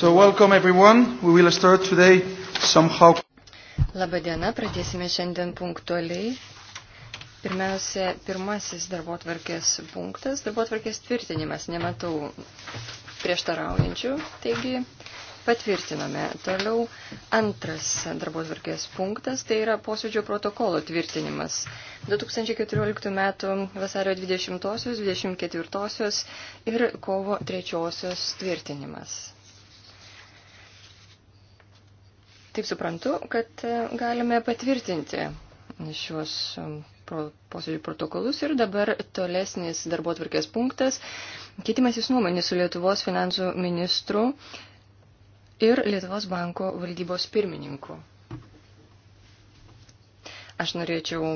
So welcome everyone. We will start today somehow. Labą dieną, pradėsime šiandien punktualiai. Pirmiausia, pirmasis darbo tvarkės punktas, darbo tvarkės tvirtinimas. Nematau prieštaraujančių, taigi patvirtiname. Toliau antras darbo tvarkės punktas, tai yra posėdžio protokolo tvirtinimas. 2014 m. vasario 20, 24 ir kovo 3 tvirtinimas. Taip suprantu, kad e, galime patvirtinti šios posėdžių protokolus ir dabar tolesnis darbo atvarkės punktas - keitimasis nuomonės su Lietuvos finansų ministru ir Lietuvos banko valdybos pirmininku. Aš norėčiau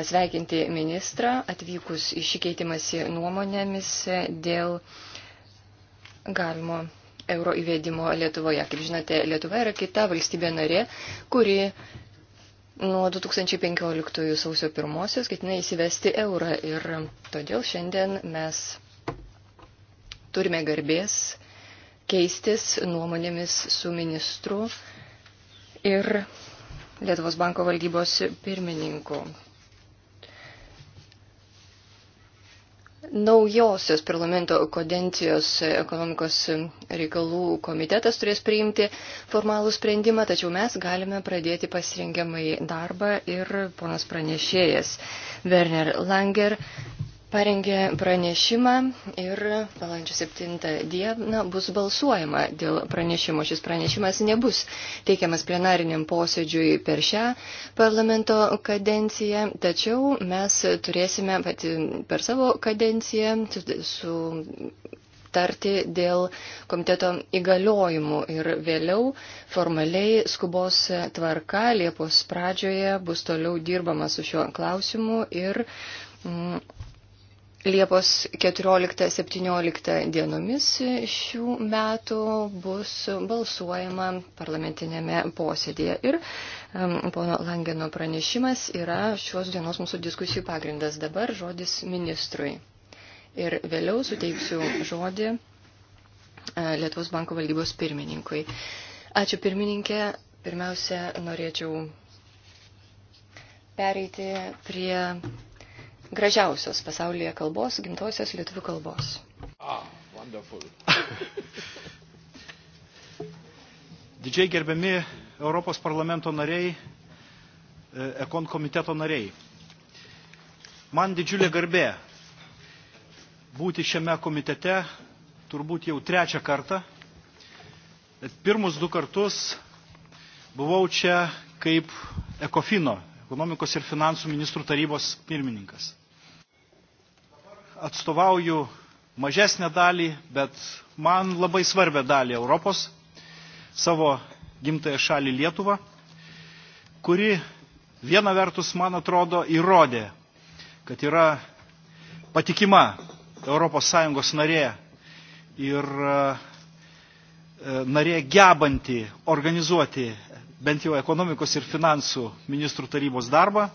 pasveikinti ministrą atvykus į šį keitimąsi nuomonėmis dėl galimo euro įvedimo Lietuvoje. Kaip žinote, Lietuva yra kita valstybė narė, kuri nuo 2015 sausio 1 ketina įsivesti eurą. Ir todėl šiandien mes turime garbės keistis nuomonėmis su ministru ir Lietuvos banko valdybos pirmininku. naujosios parlamento kodencijos ekonomikos reikalų komitetas turės priimti formalų sprendimą, tačiau mes galime pradėti pasirengiamai darbą ir ponas pranešėjas Werner Langer parengė pranešimą ir balandžio 7 dieną bus balsuojama dėl pranešimo. Šis pranešimas nebus teikiamas plenariniam posėdžiui per šią parlamento kadenciją, tačiau mes turėsime pati per savo kadenciją su tarti dėl komiteto įgaliojimų ir vėliau formaliai skubos tvarka Liepos pradžioje bus toliau dirbama su šiuo klausimu ir mm, Liepos 14-17 dienomis šių metų bus balsuojama parlamentinėme posėdėje. Ir um, pono Langeno pranešimas yra šios dienos mūsų diskusijų pagrindas. Dabar žodis ministrui. Ir vėliau suteiksiu žodį e, Lietuvos banko valdybos pirmininkui. Ačiū pirmininkė. Pirmiausia, norėčiau pereiti prie gražiausios pasaulyje kalbos, gimtosios lietuvių kalbos. Ah, wonderful. Didžiai gerbiami Europos parlamento nariai, e, Ekon komiteto nariai. Man didžiulė garbė būti šiame komitete turbūt jau trečią kartą. Pirmus du kartus buvau čia kaip Ekofino ekonomikos ir finansų ministrų tarybos pirmininkas. Atstovauju mažesnę dalį, bet man labai svarbę dalį Europos, savo gimtąją šalį Lietuvą, kuri viena vertus, man atrodo, įrodė, kad yra patikima ES narė ir e, narė gebanti organizuoti bent jau ekonomikos ir finansų ministrų tarybos darbą.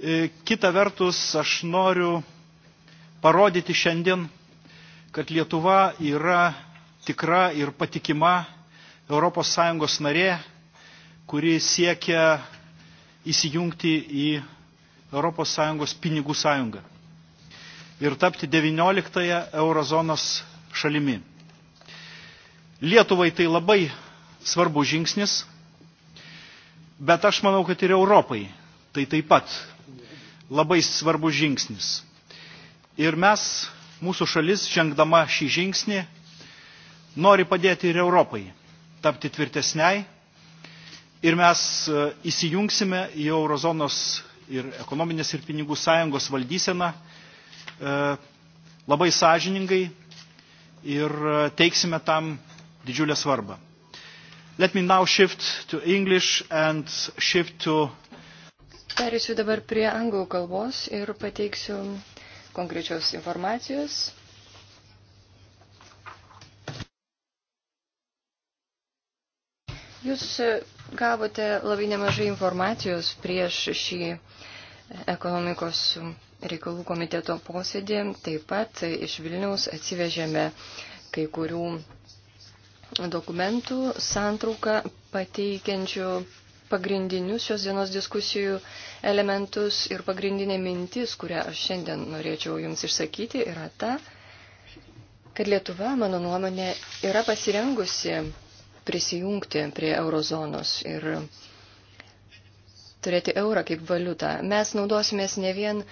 E, kita vertus, aš noriu parodyti šiandien, kad Lietuva yra tikra ir patikima ES narė, kuri siekia įsijungti į ES pinigų sąjungą ir tapti 19-ąją eurozonos šalimi. Lietuvai tai labai svarbus žingsnis, Bet aš manau, kad ir Europai tai taip pat labai svarbus žingsnis. Ir mes, mūsų šalis, žengdama šį žingsnį, nori padėti ir Europai tapti tvirtesniai. Ir mes e, įsijungsime į eurozonos ir ekonominės ir pinigų sąjungos valdyseną e, labai sąžiningai ir e, teiksime tam didžiulę svarbą. Let me now shift to English and shift to. Perėsiu dabar prie anglų kalbos ir pateiksiu konkrečios informacijos. Jūs gavote labai nemažai informacijos prieš šį ekonomikos reikalų komiteto posėdį. Taip pat iš Vilniaus atsivežėme kai kurių dokumentų santrauką pateikiančių pagrindinius šios dienos diskusijų elementus ir pagrindinė mintis, kurią aš šiandien norėčiau Jums išsakyti, yra ta, kad Lietuva, mano nuomonė, yra pasirengusi prisijungti prie eurozonos ir turėti eurą kaip valiutą. Mes naudosimės ne vien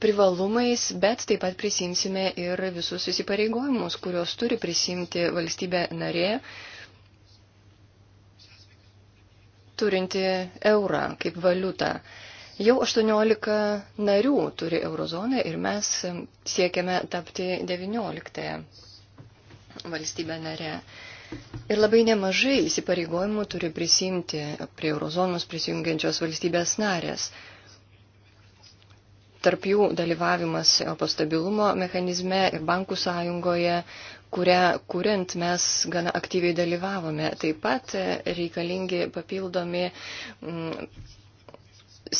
privalumais, bet taip pat prisimsime ir visus įsipareigojimus, kuriuos turi prisimti valstybė narė, turinti eurą kaip valiutą. Jau 18 narių turi eurozoną ir mes siekiame tapti 19 valstybę narę. Ir labai nemažai įsipareigojimų turi prisimti prie eurozonos prisijungiančios valstybės narės tarp jų dalyvavimas pastabilumo mechanizme ir bankų sąjungoje, kurią kuriant mes gana aktyviai dalyvavome. Taip pat reikalingi papildomi mm,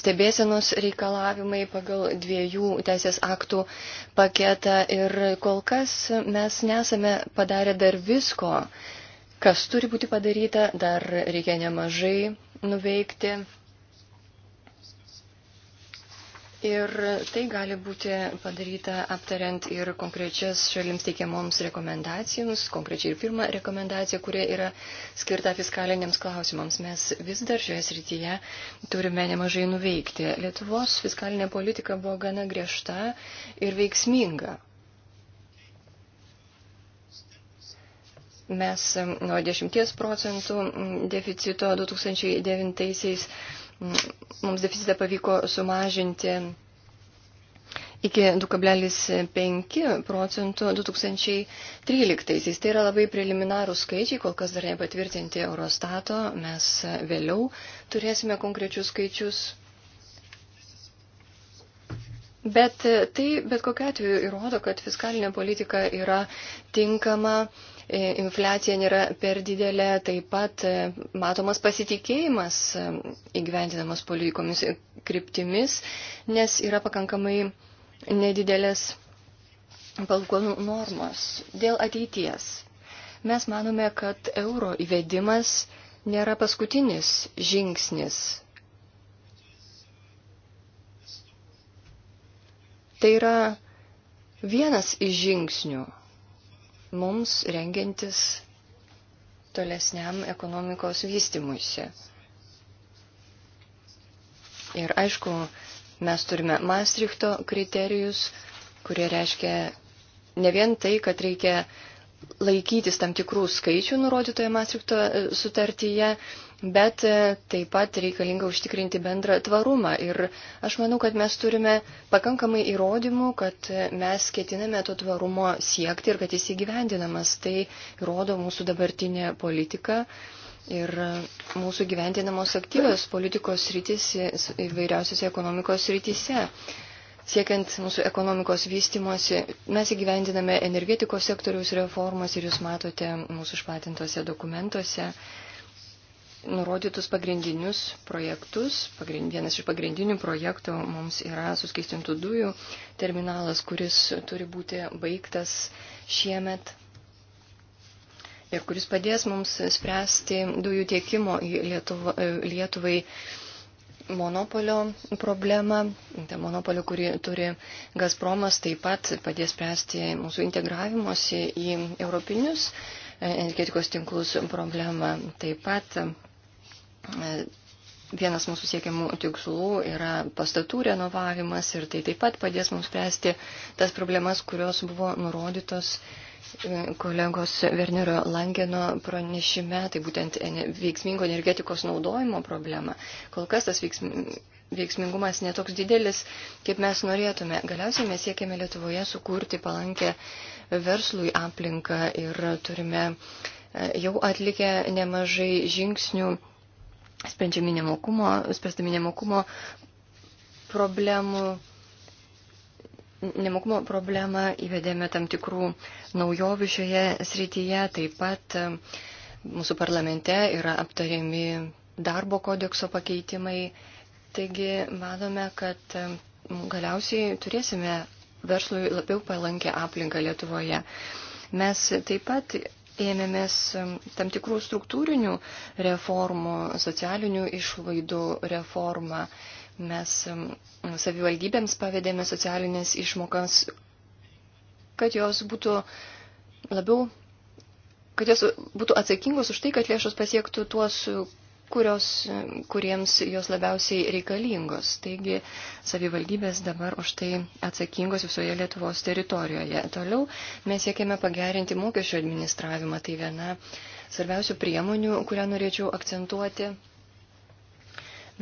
stebėsenos reikalavimai pagal dviejų teisės aktų paketą ir kol kas mes nesame padarę dar visko, kas turi būti padaryta, dar reikia nemažai nuveikti. Ir tai gali būti padaryta aptariant ir konkrečias šalims teikiamoms rekomendacijoms, konkrečiai ir pirmą rekomendaciją, kuria yra skirta fiskaliniams klausimams. Mes vis dar šioje srityje turime nemažai nuveikti. Lietuvos fiskalinė politika buvo gana griežta ir veiksminga. Mes nuo 10 procentų deficito 2009 Mums deficitą pavyko sumažinti iki 2,5 procentų 2013. Tai yra labai preliminarūs skaičiai, kol kas dar nepatvirtinti Eurostato. Mes vėliau turėsime konkrečius skaičius. Bet tai bet kokiu atveju įrodo, kad fiskalinė politika yra tinkama E, infliacija nėra per didelė, taip pat e, matomas pasitikėjimas e, įgyvendinamas politikomis kryptimis, nes yra pakankamai nedidelės palūkanų normos dėl ateities. Mes manome, kad euro įvedimas nėra paskutinis žingsnis Tai yra vienas iš žingsnių, mums rengiantis tolesniam ekonomikos vystimuisi. Ir aišku, mes turime Maastrichto kriterijus, kurie reiškia ne vien tai, kad reikia laikytis tam tikrų skaičių nurodytoje Maastrichto e, sutartyje, bet e, taip pat reikalinga užtikrinti bendrą tvarumą. Ir aš manau, kad mes turime pakankamai įrodymų, kad e, mes ketiname to tvarumo siekti ir kad jis įgyvendinamas. Tai rodo mūsų dabartinė politika. Ir e, mūsų gyventinamos aktyvios politikos rytis įvairiausiose ekonomikos rytise. Siekiant mūsų ekonomikos vystimosi, mes įgyvendiname energetikos sektoriaus reformas ir jūs matote mūsų išplatintose dokumentuose nurodytus pagrindinius projektus. Pagrind, vienas iš pagrindinių projektų mums yra suskaistintų dujų terminalas, kuris turi būti baigtas šiemet ir kuris padės mums spręsti dujų tiekimo į Lietuvą, Lietuvai monopolio problemą. Ta monopolio, kurį turi Gazpromas, taip pat padės spręsti mūsų integravimuose į europinius energetikos tinklus problemą. Taip pat Vienas mūsų siekiamų tikslų yra pastatų renovavimas ir tai taip pat padės mums spręsti tas problemas, kurios buvo nurodytos e, kolegos Vernerio Langeno pranešime, tai būtent veiksmingo energetikos naudojimo problema. Kol kas tas veiksmingumas netoks didelis, kaip mes norėtume. Galiausiai mes siekiame Lietuvoje sukurti palankę verslui aplinką ir turime e, jau atlikę nemažai žingsnių sprendžiami nemokumo, spręstami nemokumo problemų. Nemokumo problemą įvedėme tam tikrų naujovių šioje srityje. Taip pat e, mūsų parlamente yra aptariami darbo kodekso pakeitimai. Taigi manome, kad e, galiausiai turėsime verslui labiau palankę aplinką Lietuvoje. Mes taip pat ėmėmės tam tikrų struktūrinių reformų, socialinių išlaidų reformą. Mes savivaldybėms pavedėme socialinės išmokas, kad jos būtų labiau, kad jos būtų atsakingos už tai, kad lėšos pasiektų tuos, kurios, kuriems jos labiausiai reikalingos. Taigi savivaldybės dabar už tai atsakingos visoje Lietuvos teritorijoje. Toliau mes siekiame pagerinti mokesčio administravimą. Tai viena svarbiausių priemonių, kurią norėčiau akcentuoti.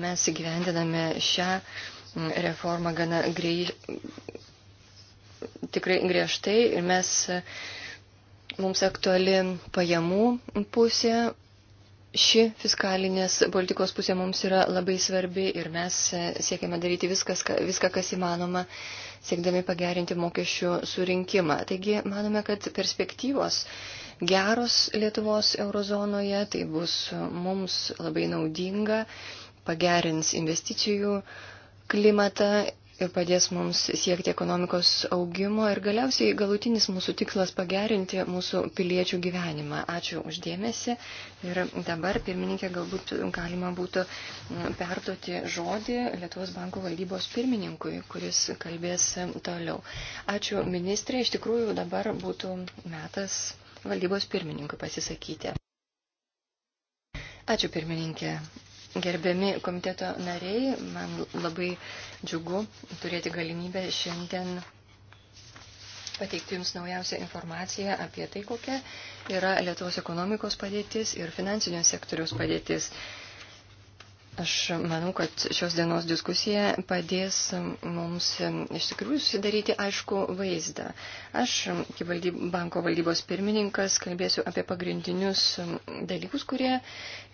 Mes įgyvendiname šią reformą gana grei, tikrai griežtai ir mes mums aktuali pajamų pusė, Ši fiskalinės politikos pusė mums yra labai svarbi ir mes e, siekiame daryti viskas, viską, kas įmanoma, siekdami pagerinti mokesčių surinkimą. Taigi, manome, kad perspektyvos geros Lietuvos eurozonoje, tai bus mums labai naudinga, pagerins investicijų klimatą ir padės mums siekti ekonomikos augimo ir galiausiai galutinis mūsų tikslas pagerinti mūsų piliečių gyvenimą. Ačiū uždėmesi ir dabar, pirmininkė, galbūt galima būtų perduoti žodį Lietuvos banko valdybos pirmininkui, kuris kalbės toliau. Ačiū ministrė, iš tikrųjų dabar būtų metas valdybos pirmininkui pasisakyti. Ačiū pirmininkė. Gerbiami komiteto nariai, man labai džiugu turėti galimybę šiandien pateikti Jums naujausią informaciją apie tai, kokia yra Lietuvos ekonomikos padėtis ir finansinio sektoriaus padėtis. Aš manau, kad šios dienos diskusija padės mums iš tikrųjų susidaryti aišku vaizdą. Aš, kaip valdyb, banko valdybos pirmininkas, kalbėsiu apie pagrindinius dalykus, kurie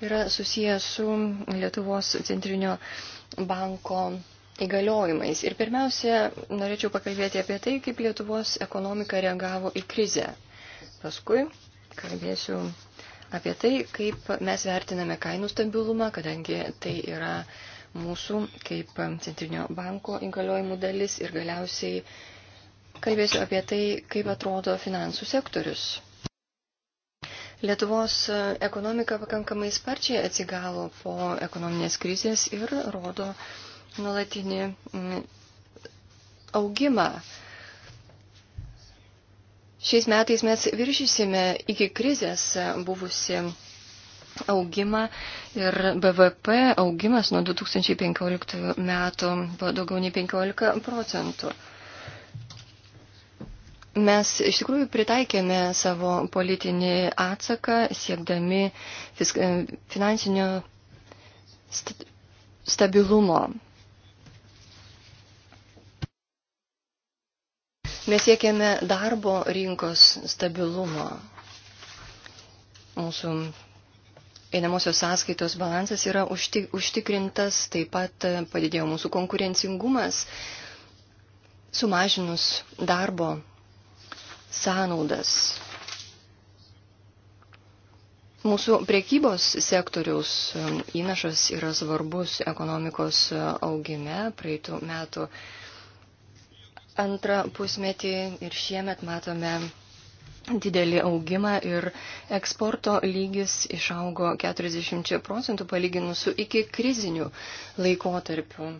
yra susiję su Lietuvos centrinio banko įgaliojimais. Ir pirmiausia, norėčiau pakalbėti apie tai, kaip Lietuvos ekonomika reagavo į krizę. Paskui kalbėsiu apie tai, kaip mes vertiname kainų stabilumą, kadangi tai yra mūsų kaip Centrinio banko įgaliojimų dalis ir galiausiai kalbėsiu apie tai, kaip atrodo finansų sektorius. Lietuvos ekonomika pakankamai sparčiai atsigavo po ekonominės krizės ir rodo nuolatinį augimą. Šiais metais mes viršysime iki krizės buvusi augimą ir BVP augimas nuo 2015 metų buvo daugiau nei 15 procentų. Mes iš tikrųjų pritaikėme savo politinį atsaką siekdami finansinio stabilumo Mes siekiame darbo rinkos stabilumo. Mūsų Einamosios sąskaitos balansas yra užtikrintas, taip pat padidėjo mūsų konkurencingumas, sumažinus darbo sąnaudas. Mūsų priekybos sektoriaus įnašas yra svarbus ekonomikos augime. Praeitų metų antrą pusmetį ir šiemet matome didelį augimą ir eksporto lygis išaugo 40 procentų palyginus su iki kriziniu laikotarpiu.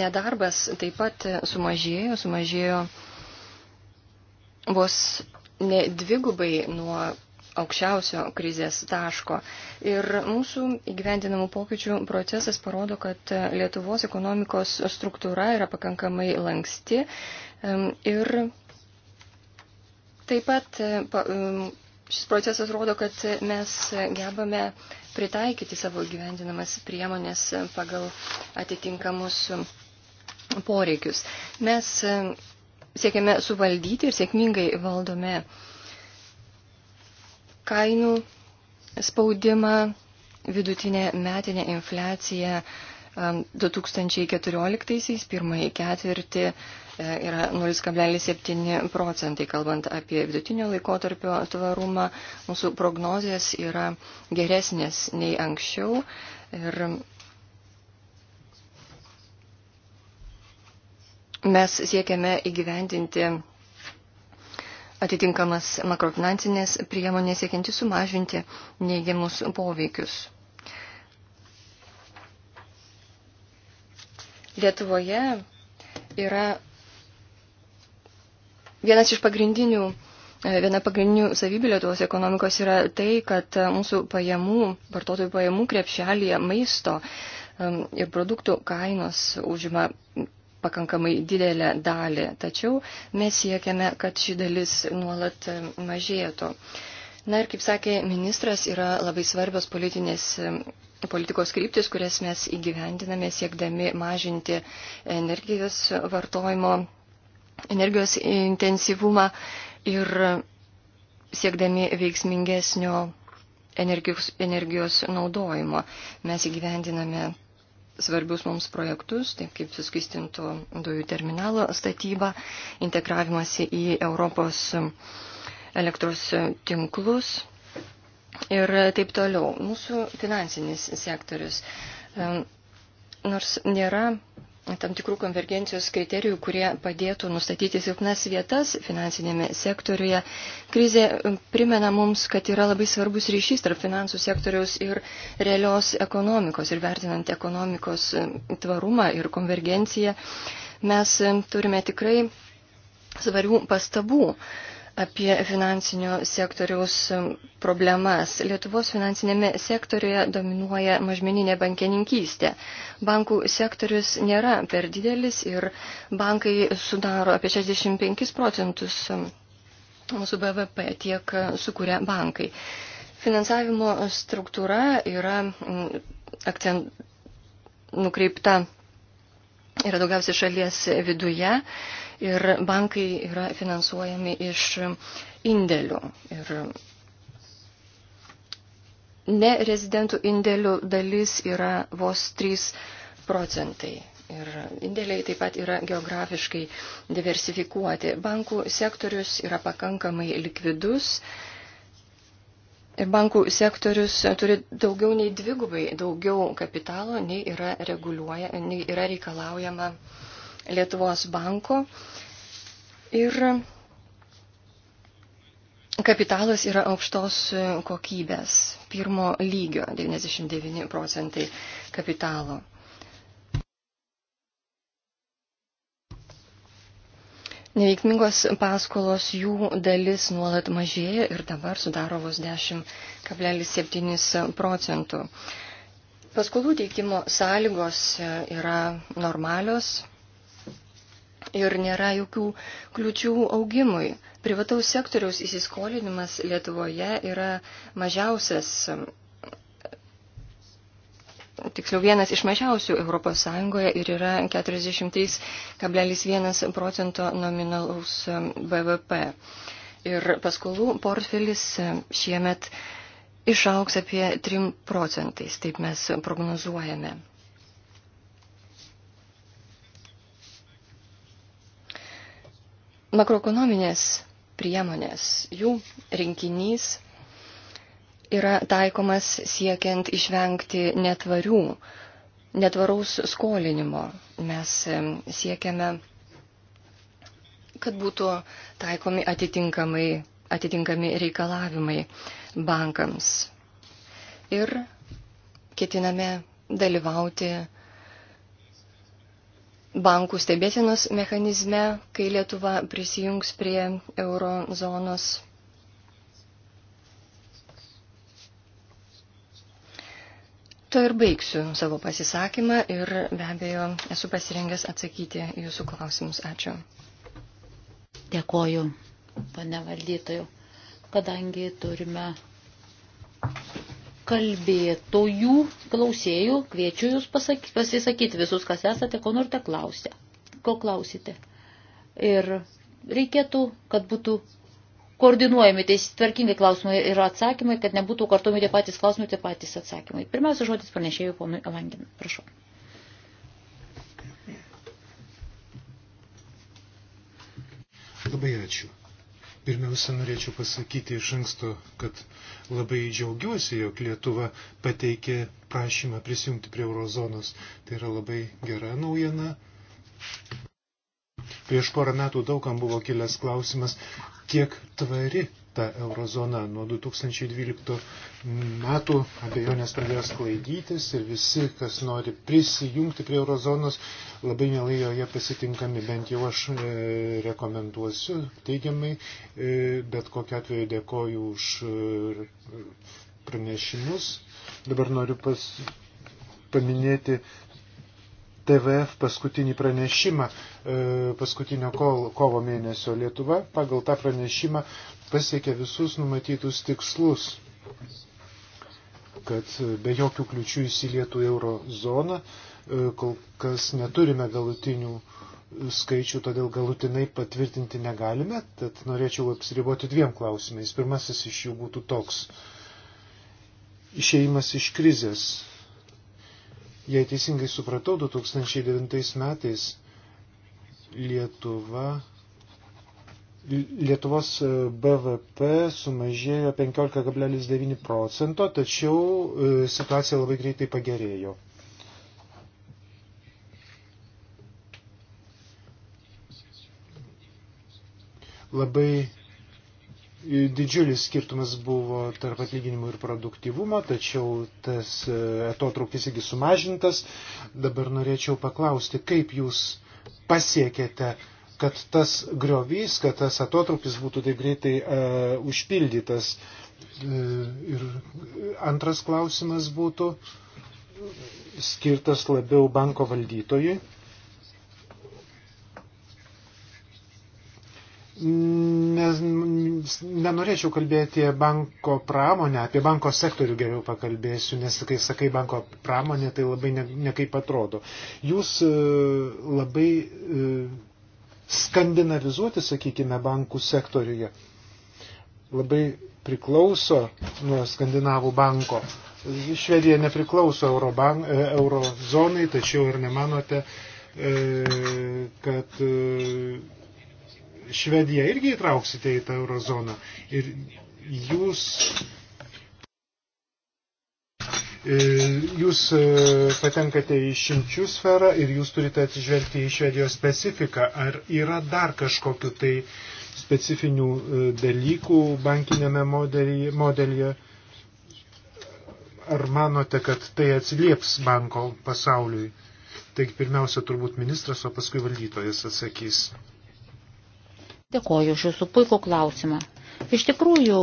Nedarbas taip pat sumažėjo, sumažėjo vos ne dvigubai nuo aukščiausio krizės taško. Ir mūsų įgyvendinamų pokyčių procesas parodo, kad Lietuvos ekonomikos struktūra yra pakankamai lanksti ir taip pat e, šis procesas rodo, kad mes gebame pritaikyti savo gyvendinamas priemonės pagal atitinkamus poreikius. Mes siekiame suvaldyti ir sėkmingai valdome uh, kainų spaudimą, vidutinė metinė infliacija 2014-aisiais um, pirmąjį ketvirtį e, yra 0,7 procentai, kalbant apie vidutinio laikotarpio tvarumą. Mūsų prognozijas yra geresnės nei anksčiau. Ir mes siekiame įgyvendinti atitinkamas makrofinansinės priemonės siekianti sumažinti neigiamus poveikius. Lietuvoje yra vienas iš pagrindinių, e, viena pagrindinių savybių Lietuvos ekonomikos yra tai, kad mūsų pajamų, vartotojų pajamų krepšelėje maisto e, ir produktų kainos užima pakankamai didelę dalį, tačiau mes siekiame, kad ši dalis nuolat mažėtų. Na ir kaip sakė ministras, yra labai svarbios politinės, politikos kryptis, kurias mes įgyvendiname siekdami mažinti energijos vartojimo, energijos intensyvumą ir siekdami veiksmingesnio energijos, energijos naudojimo. Mes įgyvendiname svarbius mums projektus, taip kaip suskistintų dujų terminalo statyba, integravimasi į Europos elektros tinklus ir taip toliau. Mūsų finansinis sektorius. Nors nėra tam tikrų konvergencijos kriterijų, kurie padėtų nustatyti silpnas vietas finansinėme sektoriuje. Krizė um, primena mums, kad yra labai svarbus ryšys tarp finansų sektoriaus ir realios ekonomikos. Ir vertinant ekonomikos um, tvarumą ir konvergenciją, mes um, turime tikrai svarių pastabų apie finansinio sektoriaus problemas. Lietuvos finansinėme sektoriuje dominuoja mažmeninė bankininkystė. Bankų sektorius nėra per didelis ir bankai sudaro apie 65 procentus mūsų BVP, tiek sukuria bankai. Finansavimo struktūra yra mm, akcent, nukreipta, yra daugiausiai šalies viduje ir bankai yra finansuojami iš indėlių. Ir nerezidentų indėlių dalis yra vos 3 procentai. Ir indėliai taip pat yra geografiškai diversifikuoti. Bankų sektorius yra pakankamai likvidus. Ir bankų sektorius turi daugiau nei dvigubai daugiau kapitalo, nei yra, nei yra reikalaujama Lietuvos banko. Ir kapitalas yra aukštos kokybės, pirmo lygio 99 procentai kapitalo. Neveiksmingos paskolos jų dalis nuolat mažėja ir dabar sudaro vos 10,7 procentų. Paskolų teikimo sąlygos yra normalios, ir nėra jokių kliučių augimui. Privataus sektoriaus įsiskolinimas Lietuvoje yra mažiausias, tiksliau vienas iš mažiausių ES ir yra 40,1 procento nominalaus BVP. Ir paskolų portfelis šiemet išauks apie 3 procentais, taip mes prognozuojame. Makroekonominės priemonės, jų rinkinys yra taikomas siekiant išvengti netvarių, netvaraus skolinimo. Mes siekiame, kad būtų taikomi atitinkamai, atitinkami reikalavimai bankams. Ir ketiname dalyvauti bankų stebėsienos mechanizme, kai Lietuva prisijungs prie eurozonos. To ir baigsiu savo pasisakymą ir be abejo esu pasirengęs atsakyti jūsų klausimus. Ačiū. Dėkoju, pane valdytojų, kadangi turime kalbėtojų, klausėjų, kviečiu jūs pasakyti, pasisakyti visus, kas esate, ko norite klausę, ko klausite. Ir reikėtų, kad būtų koordinuojami teisingai klausimai ir atsakymai, kad nebūtų kartuomi tie patys klausimai, tie patys atsakymai. Pirmiausia, žodis pranešėjų ponui Langin. Prašau. Labai ačiū. Pirmiausia, norėčiau pasakyti iš anksto, kad labai džiaugiuosi, jog Lietuva pateikė prašymą prisijungti prie eurozonos. Tai yra labai gera naujiena. Prieš porą metų daugam buvo kilęs klausimas, kiek tvari ta eurozona nuo 2012 metų abejonės pradėjo sklaidytis ir visi, kas nori prisijungti prie eurozonos, labai mielai joje pasitinkami, bent jau aš e, rekomenduosiu teigiamai, e, bet kokiu atveju dėkoju už e, pranešimus. Dabar noriu pas, paminėti TVF paskutinį pranešimą e, paskutinio kovo mėnesio Lietuva. Pagal tą pranešimą pasiekė visus numatytus tikslus, kad be jokių kliučių įsilietų euro zoną. E, kol kas neturime galutinių skaičių, todėl galutinai patvirtinti negalime, tad norėčiau apsiriboti dviem klausimais. Pirmasis iš jų būtų toks. Išėjimas iš krizės. Jei teisingai supratau, 2009 metais Lietuva Lietuvos e, BVP sumažėjo 15,9 procento, tačiau e, situacija labai greitai pagerėjo. Labai e, didžiulis skirtumas buvo tarp atlyginimų ir produktyvumo, tačiau tas atotrukis irgi sumažintas. Dabar norėčiau paklausti, kaip jūs pasiekėte kad tas griovys, kad tas atotrukis būtų taip greitai e, užpildytas. E, ir antras klausimas būtų skirtas labiau banko valdytojui. Nes nenorėčiau kalbėti banko pramonę, apie banko sektorių geriau pakalbėsiu, nes kai sakai banko pramonė, tai labai nekaip ne, ne atrodo. Jūs e, labai e, skandinavizuoti, sakykime, bankų sektoriuje. Labai priklauso nuo Skandinavų banko. Švedija nepriklauso Euroban, e, eurozonai, tačiau ir nemanote, e, kad e, Švediją irgi įtrauksite į tą eurozoną. Ir jūs E, jūs e, patenkate į šimčių sferą ir jūs turite atsižvelgti į Švedijos specifiką. Ar yra dar kažkokiu tai specifinių e, dalykų bankinėme modelyje? Ar manote, kad tai atsilieps banko pasauliui? Taigi pirmiausia turbūt ministras, o paskui valdytojas atsakys. Dėkoju už jūsų puikų klausimą. Iš tikrųjų,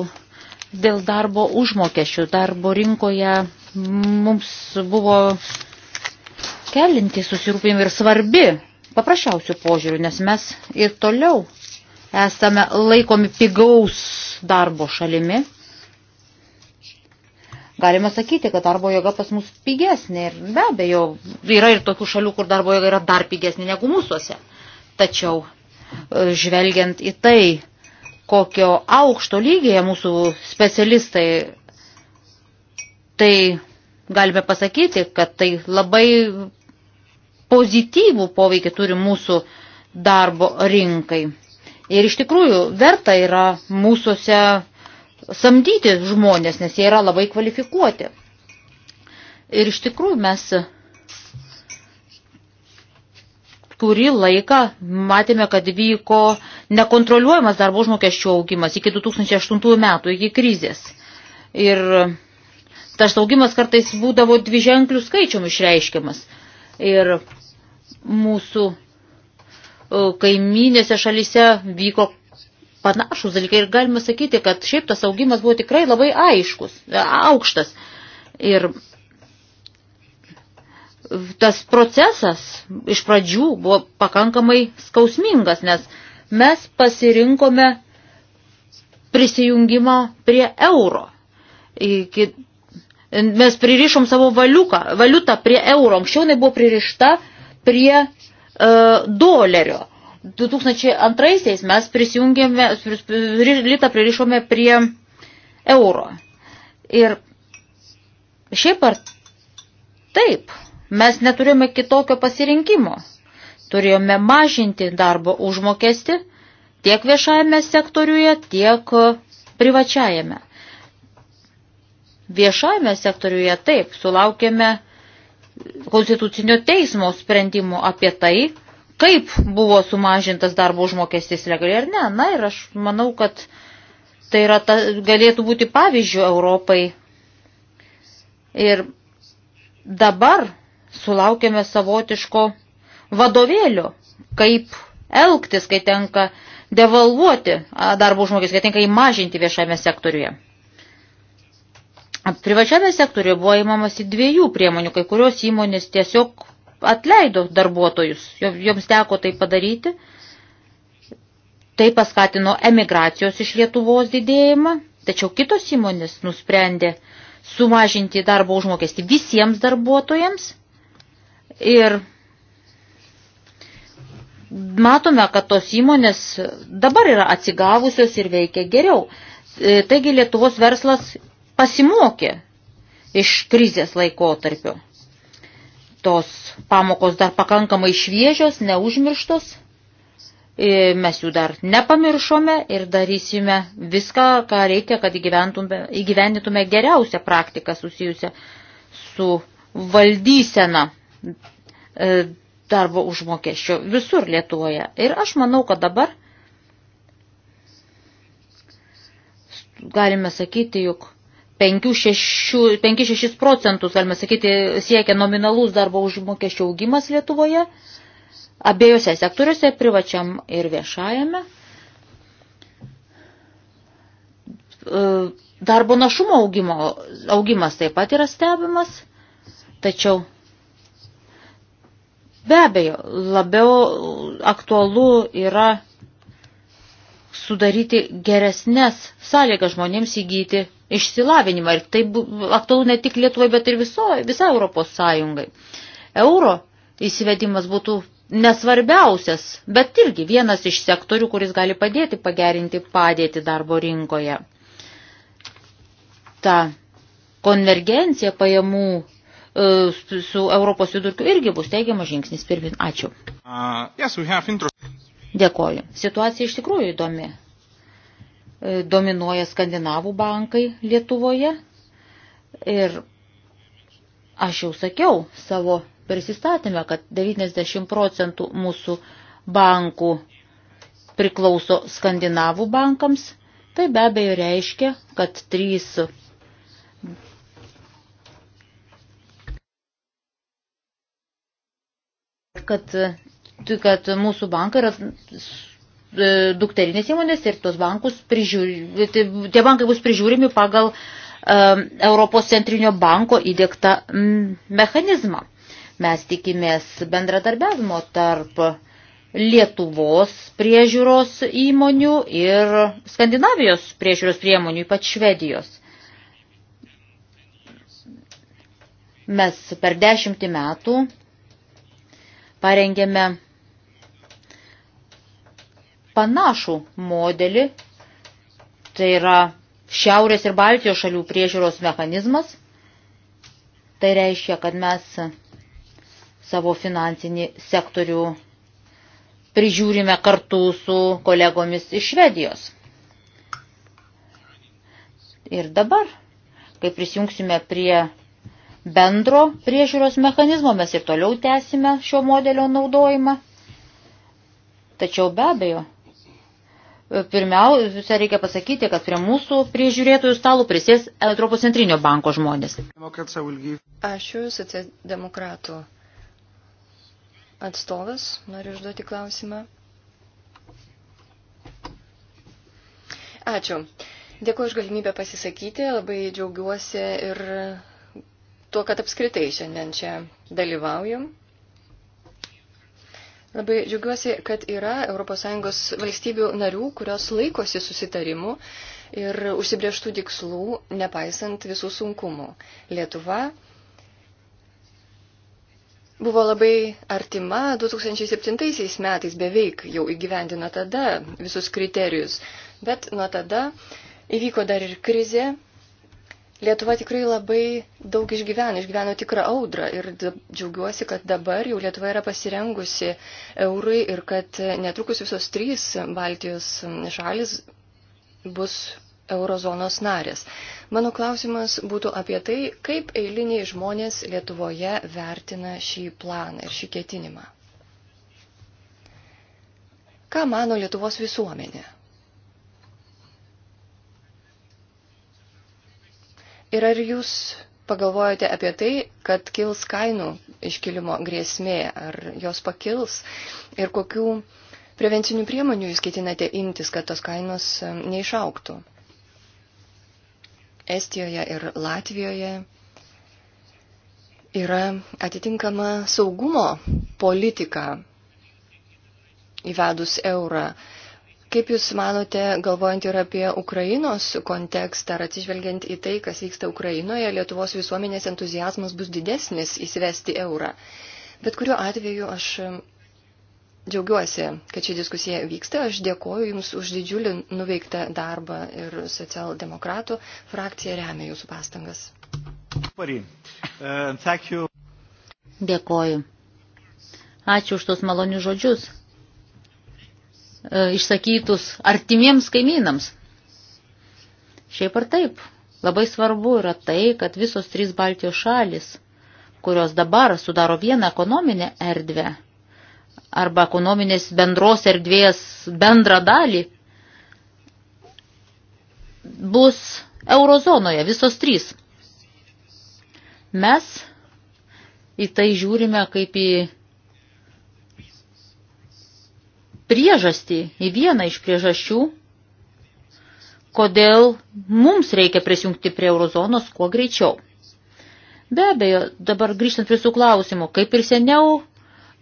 dėl darbo užmokesčių darbo rinkoje mums buvo kelinti susirūpinimai ir svarbi paprasčiausių požiūrių, nes mes ir toliau esame laikomi pigaus darbo šalimi. Galima sakyti, kad darbo jėga pas mus pigesnė ir be abejo yra ir tokių šalių, kur darbo jėga yra dar pigesnė negu mūsųse. Tačiau e, žvelgiant į tai, kokio aukšto lygyje mūsų specialistai, tai galime pasakyti, kad tai labai pozityvų poveikį turi mūsų darbo rinkai. Ir iš tikrųjų verta yra mūsųse samdyti žmonės, nes jie yra labai kvalifikuoti. Ir iš tikrųjų mes kurį laiką matėme, kad vyko nekontroliuojamas darbo užmokesčio augimas iki 2008 metų, iki krizės. Ir tas augimas kartais būdavo dviženklių skaičium išreiškiamas. Ir mūsų e, kaiminėse šalyse vyko panašus dalykai ir galima sakyti, kad šiaip tas augimas buvo tikrai labai aiškus, e, aukštas. Ir tas procesas iš pradžių buvo pakankamai skausmingas, nes mes pasirinkome prisijungimą prie euro. Iki mes pririšom savo valiuką, valiutą prie euro. Anksčiau jinai buvo pririšta prie e, dolerio. 2002 mes prisijungėme, litą pririšome prie euro. Ir šiaip ar taip, mes neturėjome kitokio pasirinkimo. Turėjome mažinti darbo užmokesti tiek viešajame sektoriuje, tiek privačiajame. Viešajame sektoriuje taip, sulaukėme konstitucinio teismo sprendimų apie tai, kaip buvo sumažintas darbo užmokestis legaliai ar ne. Na ir aš manau, kad tai yra ta, galėtų būti pavyzdžių Europai. Ir dabar sulaukėme savotiško vadovėlio, kaip elgtis, kai tenka devalvuoti darbo užmokestį, kai tenka įmažinti viešame sektoriuje. Privačiame sektoriuje buvo įmamasi dviejų priemonių, kai kurios įmonės tiesiog atleido darbuotojus, joms teko tai padaryti. Tai paskatino emigracijos iš Lietuvos didėjimą, tačiau kitos įmonės nusprendė sumažinti darbo užmokestį visiems darbuotojams ir matome, kad tos įmonės dabar yra atsigavusios ir veikia geriau. E, taigi Lietuvos verslas pasimokė iš krizės laikotarpio. Tos pamokos dar pakankamai šviežios, neužmirštos, e, mes jų dar nepamiršome ir darysime viską, ką reikia, kad įgyvendintume geriausią praktiką susijusią su valdysena e, darbo užmokesčio visur Lietuvoje. Ir aš manau, kad dabar galime sakyti, jog 5-6 procentus, galime sakyti, siekia nominalus darbo užmokesčio augimas Lietuvoje, abiejose sektoriuose, privačiam ir viešajame. E, darbo našumo augimo, augimas taip pat yra stebimas, tačiau be abejo labiau aktualu yra sudaryti geresnės sąlygas žmonėms įgyti išsilavinimą. Ir tai aktualu ne tik Lietuvai, bet ir viso, visai Europos Sąjungai. Euro įsivedimas būtų nesvarbiausias, bet irgi vienas iš sektorių, kuris gali padėti pagerinti padėtį darbo rinkoje. Ta konvergencija pajamų e, su Europos vidurkiu irgi bus teigiamas žingsnis pirmin. Ačiū. Uh, yes, Dėkoju. Situacija iš tikrųjų įdomi. E, dominuoja skandinavų bankai Lietuvoje ir aš jau sakiau savo persistatymę, kad 90 procentų mūsų bankų priklauso skandinavų bankams, tai be abejo reiškia, kad trys kad kad mūsų bankai yra e, dukterinės įmonės ir tos bankus prižiūri, tai tie bankai bus prižiūrimi pagal e, Europos centrinio banko įdėktą mechanizmą. Mes tikimės bendradarbiavimo tarp Lietuvos priežiūros įmonių ir Skandinavijos priežiūros priemonių, ypač Švedijos. Mes per dešimtį metų parengėme panašų modelį, tai yra Šiaurės ir Baltijos šalių priežiūros mechanizmas. Tai reiškia, kad mes savo finansinį sektorių prižiūrime kartu su kolegomis iš Švedijos. Ir dabar, kai prisijungsime prie bendro priežiūros mechanizmo, mes ir toliau tęsime šio modelio naudojimą. Tačiau be abejo, Pirmiausia, reikia pasakyti, kad prie mūsų priežiūrėtojų stalų prisės Europos centrinio banko žmonės. Ačiū, socialdemokratų atstovas, noriu užduoti klausimą. Ačiū. Dėkuoju už galimybę pasisakyti, labai džiaugiuosi ir tuo, kad apskritai šiandien čia dalyvaujam. Labai džiaugiuosi, kad yra ES valstybių narių, kurios laikosi susitarimų ir užsibrieštų tikslų, nepaisant visų sunkumų. Lietuva buvo labai artima 2007 metais, beveik jau įgyvendino tada visus kriterijus, bet nuo tada įvyko dar ir krizė Lietuva tikrai labai daug išgyveno, išgyveno tikrą audrą ir džiaugiuosi, kad dabar jau Lietuva yra pasirengusi eurui ir kad netrukus visos trys Baltijos šalis bus eurozonos narės. Mano klausimas būtų apie tai, kaip eiliniai žmonės Lietuvoje vertina šį planą ir šį ketinimą. Ką mano Lietuvos visuomenė? Ir ar jūs pagalvojate apie tai, kad kils kainų iškilimo grėsmė, ar jos pakils ir kokių prevencinių priemonių jūs ketinate imtis, kad tos kainos neišauktų? Estijoje ir Latvijoje yra atitinkama saugumo politika įvedus eurą. Kaip Jūs manote, galvojant ir apie Ukrainos kontekstą, ar atsižvelgiant į tai, kas vyksta Ukrainoje, Lietuvos visuomenės entuzijazmas bus didesnis įsivesti eurą? Bet kuriuo atveju aš džiaugiuosi, kad ši diskusija vyksta. Aš dėkoju Jums už didžiulį nuveiktą darbą ir socialdemokratų frakcija remia Jūsų pastangas. E, dėkoju. Ačiū už tos malonius žodžius. E, išsakytus artimiems kaimynams. Šiaip ar taip, labai svarbu yra tai, kad visos trys Baltijos šalis, kurios dabar sudaro vieną ekonominę erdvę arba ekonominės bendros erdvės bendrą dalį, bus eurozonoje visos trys. Mes į tai žiūrime kaip į priežastį, į vieną iš priežasčių, kodėl mums reikia prisijungti prie eurozonos kuo greičiau. Be abejo, dabar grįžtant prie su klausimu, kaip ir seniau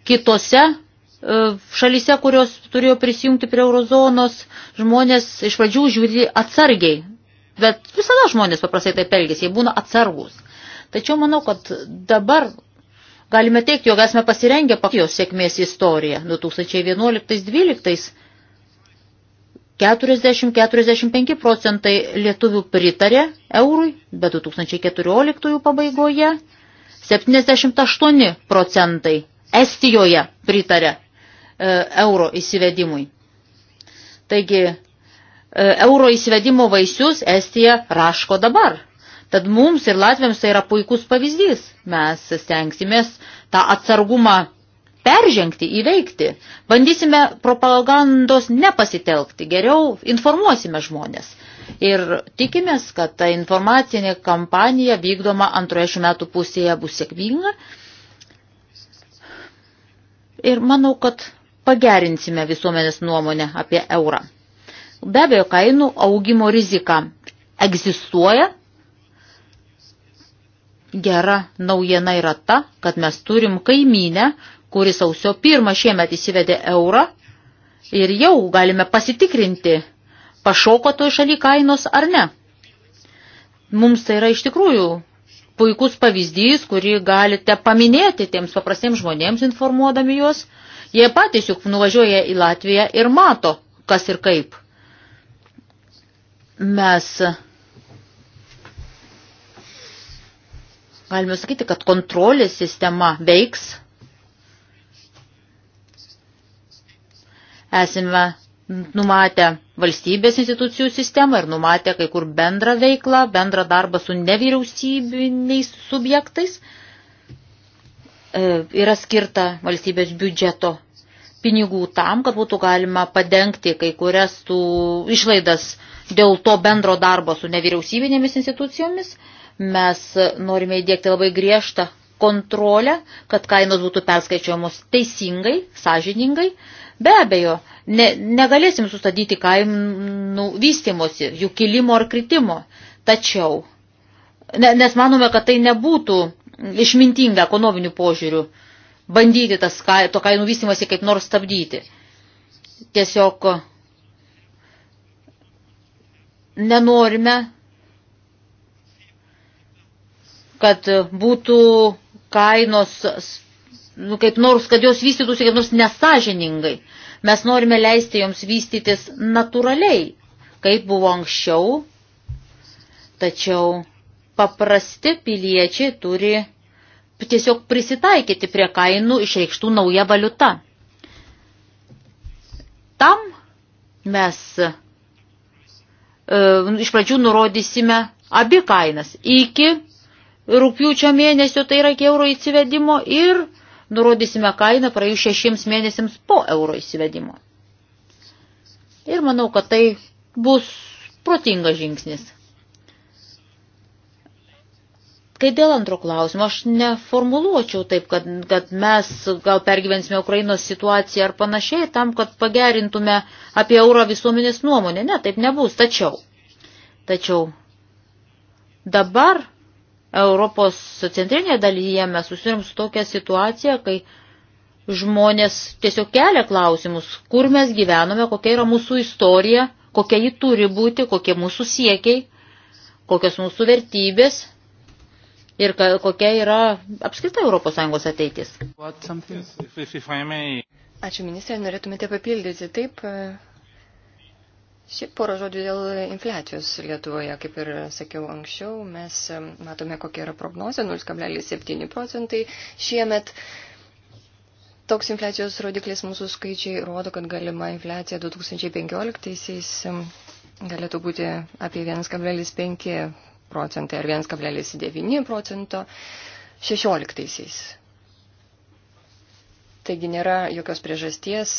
kitose e, šalyse, kurios turėjo prisijungti prie eurozonos, žmonės iš pradžių žiūri atsargiai, bet visada žmonės paprastai taip elgesi, jie būna atsargus. Tačiau manau, kad dabar Galime teikti, jog esame pasirengę pakijos sėkmės istoriją. 2011-2012 40-45 procentai lietuvių pritarė eurui, bet 2014 pabaigoje 78 procentai Estijoje pritarė e, euro įsivedimui. Taigi, e, euro įsivedimo vaisius Estija raško dabar. Tad mums ir Latviams tai yra puikus pavyzdys. Mes stengsimės tą atsargumą peržengti, įveikti. Bandysime propagandos nepasitelkti, geriau informuosime žmonės. Ir tikimės, kad ta informacinė kampanija vykdoma antroje šių metų pusėje bus sėkminga. Ir manau, kad pagerinsime visuomenės nuomonę apie eurą. Be abejo, kainų augimo rizika egzistuoja, Gera naujiena yra ta, kad mes turim kaimynę, kuris sausio pirmą šiemet įsivedė eurą ir jau galime pasitikrinti, pašoko toj šaly kainos ar ne. Mums tai yra iš tikrųjų puikus pavyzdys, kurį galite paminėti tiems paprastiems žmonėms informuodami juos. Jie patys juk nuvažiuoja į Latviją ir mato, kas ir kaip. Mes Galime sakyti, kad kontrolės sistema veiks. Esame numatę valstybės institucijų sistemą ir numatę kai kur bendrą veiklą, bendrą darbą su nevyriausybiniais subjektais. E, yra skirta valstybės biudžeto pinigų tam, kad būtų galima padengti kai kurias tų išlaidas dėl to bendro darbo su nevyriausybinėmis institucijomis. E, Mes norime įdėkti labai griežtą kontrolę, kad kainos būtų perskaičiuojamos teisingai, sąžiningai. Be abejo, ne, negalėsim sustatyti kainų vystimosi, jų kilimo ar kritimo. Tačiau, ne, nes manome, kad tai nebūtų išmintinga ekonominių požiūrių bandyti tas, to kainų vystimasi kaip nors stabdyti. Tiesiog nenorime kad būtų kainos, nu, kaip nors, kad jos vystytųsi kaip nors nesažiningai. Mes norime leisti joms vystytis natūraliai, kaip buvo anksčiau, tačiau paprasti piliečiai turi tiesiog prisitaikyti prie kainų išreikštų nauja valiuta. Tam mes e, iš pradžių nurodysime abi kainas iki rūpiučio mėnesio, tai yra iki euro įsivedimo ir nurodysime kainą praėjus šešiems mėnesiams po euro įsivedimo. Ir manau, kad tai bus protingas žingsnis. Kai dėl antro klausimo, aš neformuluočiau taip, kad, kad mes gal pergyvensime Ukrainos situaciją ar panašiai, tam, kad pagerintume apie eurą visuomenės nuomonę. Ne, taip nebus. Tačiau, tačiau dabar Europos centrinėje dalyje mes susirim su tokia situacija, kai žmonės tiesiog kelia klausimus, kur mes gyvename, kokia yra mūsų istorija, kokia ji turi būti, kokie mūsų siekiai, kokios mūsų vertybės ir kokia yra apskritai ES ateitis. Ačiū ministrė, norėtumėte papildyti. Taip, Šiaip porą žodžių dėl infliacijos Lietuvoje, kaip ir sakiau anksčiau, mes matome, kokia yra prognozija - 0,7 procentai šiemet. Toks infliacijos rodiklis mūsų skaičiai rodo, kad galima infliacija 2015 galėtų būti apie 1,5 procentai ar 1,9 procento 16. Taigi nėra jokios priežasties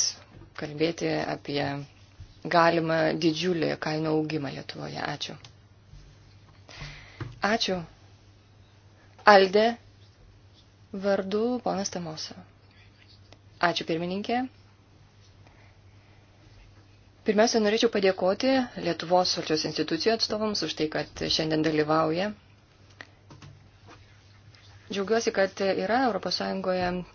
kalbėti apie galima didžiulį kainų augimą Lietuvoje. Ačiū. Ačiū. Alde vardu ponas Tamosa. Ačiū pirmininkė. Pirmiausia, norėčiau padėkoti Lietuvos valdžios institucijų atstovams už tai, kad šiandien dalyvauja. Džiaugiuosi, kad yra ES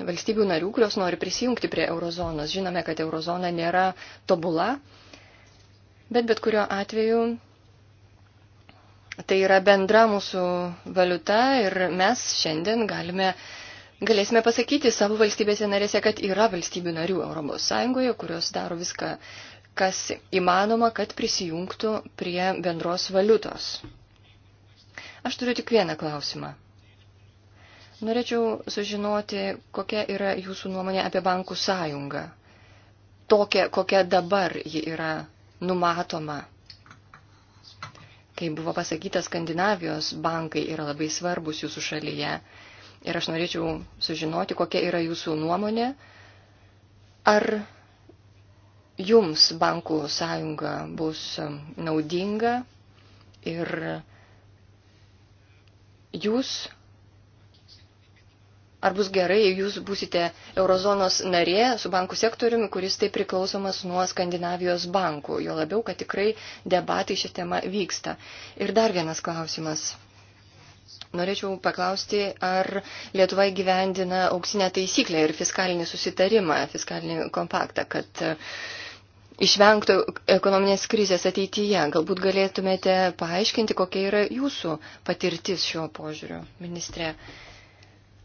valstybių narių, kurios nori prisijungti prie eurozonos. Žinome, kad eurozona nėra tobula, Bet bet kuriuo atveju tai yra bendra mūsų valiuta ir mes šiandien galime, galėsime pasakyti savo valstybėse narėse, kad yra valstybių narių ES, kurios daro viską, kas įmanoma, kad prisijungtų prie bendros valiutos. Aš turiu tik vieną klausimą. Norėčiau sužinoti, kokia yra jūsų nuomonė apie bankų sąjungą. Tokia, kokia dabar ji yra numatoma. Kaip buvo pasakyta, Skandinavijos bankai yra labai svarbus jūsų šalyje. Ir aš norėčiau sužinoti, kokia yra jūsų nuomonė. Ar jums bankų sąjunga bus naudinga ir jūs ar bus gerai, jei jūs būsite eurozonos narė su bankų sektoriumi, kuris taip priklausomas nuo Skandinavijos bankų, jo labiau, kad tikrai debatai šią temą vyksta. Ir dar vienas klausimas. Norėčiau paklausti, ar Lietuva įgyvendina auksinę taisyklę ir fiskalinį susitarimą, fiskalinį kompaktą, kad e, išvengtų ekonominės krizės ateityje. Galbūt galėtumėte paaiškinti, kokia yra jūsų patirtis šiuo požiūriu, ministrė.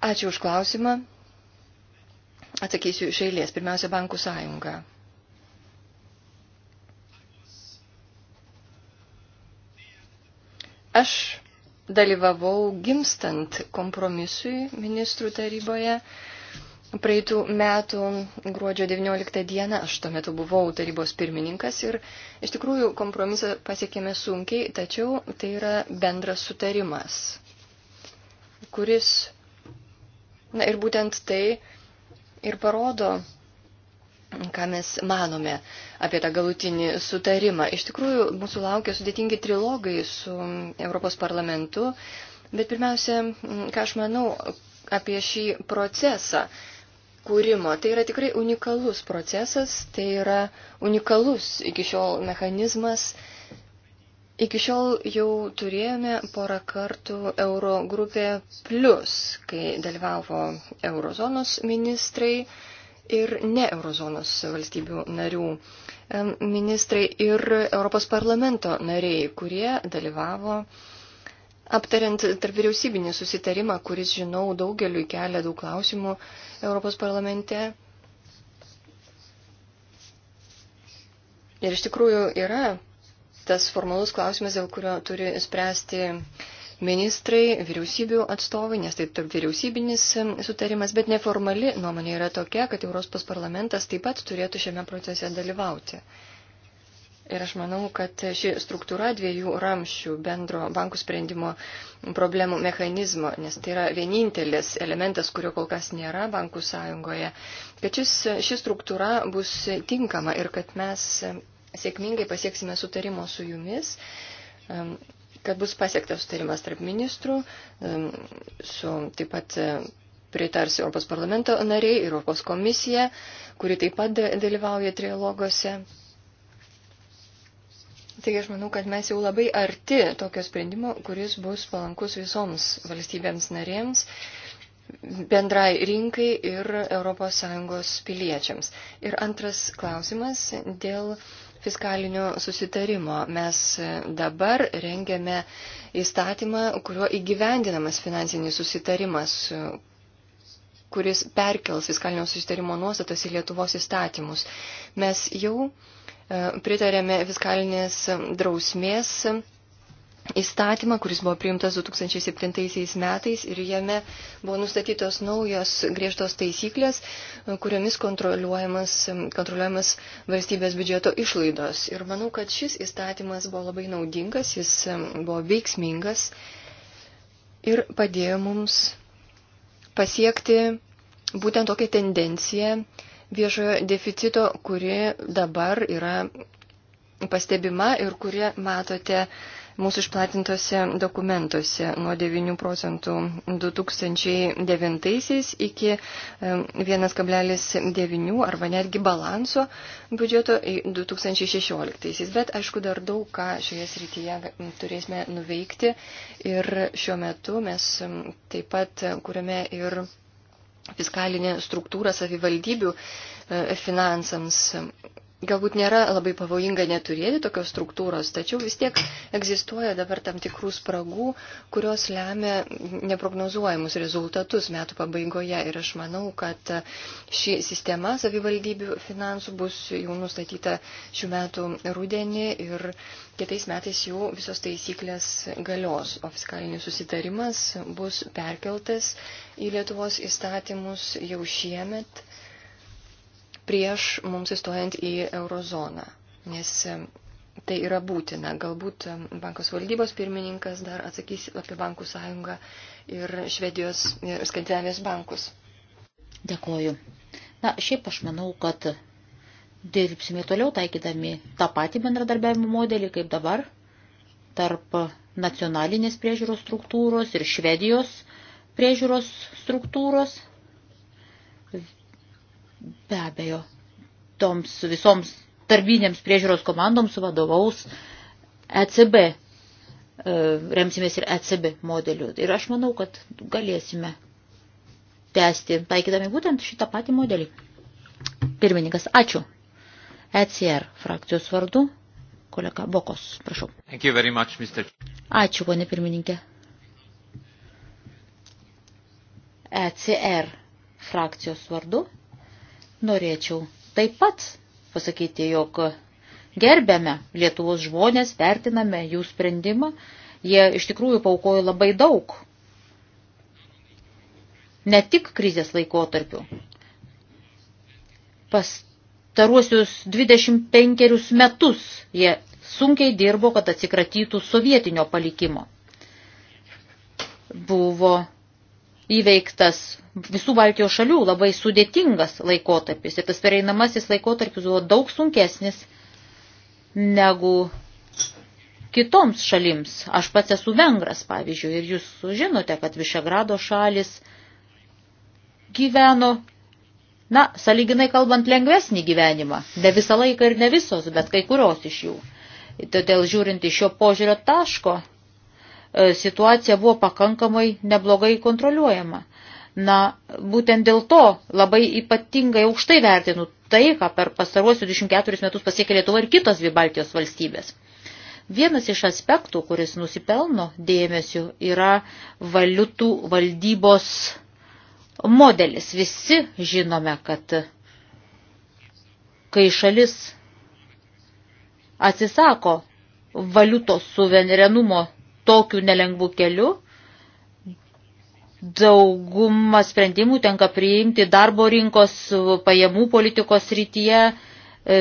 Ačiū už klausimą. Atsakysiu iš eilės. Pirmiausia, bankų sąjunga. Aš dalyvavau gimstant kompromisui ministrų taryboje. Praeitų metų gruodžio 19 dieną aš tuo metu buvau tarybos pirmininkas ir iš tikrųjų kompromisą pasiekėme sunkiai, tačiau tai yra bendras sutarimas, kuris Na ir būtent tai ir parodo, ką mes manome apie tą galutinį sutarimą. Iš tikrųjų, mūsų laukia sudėtingi trilogai su Europos parlamentu, bet pirmiausia, ką aš manau apie šį procesą kūrimo. Tai yra tikrai unikalus procesas, tai yra unikalus iki šiol mechanizmas Iki šiol jau turėjome porą kartų euro grupė plus, kai dalyvavo eurozonos ministrai ir ne eurozonos valstybių narių ministrai ir Europos parlamento nariai, kurie dalyvavo aptariant tarp vyriausybinį susitarimą, kuris, žinau, daugeliu kelia daug klausimų Europos parlamente. Ir iš tikrųjų yra tas formalus klausimas, dėl kurio turi spręsti ministrai, vyriausybių atstovai, nes taip taip vyriausybinis sutarimas, bet neformali nuomonė yra tokia, kad Europos parlamentas taip pat turėtų šiame procese dalyvauti. Ir aš manau, kad ši struktūra dviejų ramščių bendro bankų sprendimo problemų mechanizmo, nes tai yra vienintelis elementas, kurio kol kas nėra bankų sąjungoje, kad šis, ši struktūra bus tinkama ir kad mes sėkmingai pasieksime sutarimo su jumis, kad bus pasiektas sutarimas tarp ministrų, su taip pat e, pritars Europos parlamento nariai ir Europos komisija, kuri taip pat dalyvauja trialoguose. Taigi aš manau, kad mes jau labai arti tokio sprendimo, kuris bus palankus visoms valstybėms narėms, bendrai rinkai ir ES piliečiams. Ir antras klausimas dėl fiskalinio susitarimo. Mes dabar rengiame įstatymą, kuriuo įgyvendinamas finansinis susitarimas, kuris perkels fiskalinio susitarimo nuostatas į Lietuvos įstatymus. Mes jau e, pritarėme fiskalinės drausmės įstatymą, kuris buvo priimtas 2007 metais ir jame buvo nustatytos naujos griežtos taisyklės, kuriomis kontroliuojamas, kontroliuojamas valstybės biudžeto išlaidos. Ir manau, kad šis įstatymas buvo labai naudingas, jis buvo veiksmingas ir padėjo mums pasiekti būtent tokią tendenciją viešojo deficito, kuri dabar yra pastebima ir kurie matote mūsų išplatintose dokumentuose nuo 9 procentų 2009 iki 1,9 arba netgi balanso biudžeto 2016. Bet aišku, dar daug ką šioje srityje turėsime nuveikti ir šiuo metu mes taip pat kuriame ir fiskalinė struktūra savivaldybių e, finansams galbūt nėra labai pavojinga neturėti tokios struktūros, tačiau vis tiek egzistuoja dabar tam tikrų spragų, kurios lemia neprognozuojamus rezultatus metų pabaigoje. Ir aš manau, kad ši sistema savivaldybių finansų bus jau nustatyta šių metų rudenį ir kitais metais jau visos taisyklės galios, o fiskalinis susitarimas bus perkeltas į Lietuvos įstatymus jau šiemet prieš mums įstojant į eurozoną, nes tai yra būtina. Galbūt bankos valdybos pirmininkas dar atsakys apie bankų sąjungą ir Švedijos ir Skandinavijos bankus. Dėkoju. Na, šiaip aš manau, kad dirbsime toliau taikydami tą patį bendradarbiavimo modelį kaip dabar tarp nacionalinės priežiūros struktūros ir Švedijos priežiūros struktūros Be abejo, toms visoms darbinėms priežiūros komandoms vadovaus ECB. E, remsimės ir ECB modeliu. Ir aš manau, kad galėsime tęsti, taikydami būtent šitą patį modelį. Pirmininkas, ačiū. ECR frakcijos vardu, kolega Bokos, prašau. Thank you very much, Mr. Ačiū, ponė pirmininkė. ECR frakcijos vardu Norėčiau taip pat pasakyti, jog gerbėme Lietuvos žmonės, vertiname jų sprendimą. Jie iš tikrųjų paukojo labai daug. Ne tik krizės laikotarpiu. Pastaruosius 25 metus jie sunkiai dirbo, kad atsikratytų sovietinio palikimo. Buvo įveiktas visų Baltijos šalių labai sudėtingas laikotarpis. Ir tas pereinamasis laikotarpis buvo daug sunkesnis negu kitoms šalims. Aš pats esu vengras, pavyzdžiui, ir jūs žinote, kad Višegrado šalis gyveno, na, saliginai kalbant, lengvesnį gyvenimą. Ne visą laiką ir ne visos, bet kai kurios iš jų. Todėl žiūrint iš šio požiūrio taško, E, situacija buvo pakankamai neblogai kontroliuojama. Na, būtent dėl to labai ypatingai aukštai vertinu tai, ką per pastaruosius 24 metus pasiekė Lietuva ir kitos dvi Baltijos valstybės. Vienas iš aspektų, kuris nusipelno dėmesio, yra valiutų valdybos modelis. Visi žinome, kad kai šalis atsisako valiutos suverenumo tokiu nelengvu keliu. Daugumą sprendimų tenka priimti darbo rinkos, pajamų politikos rytyje,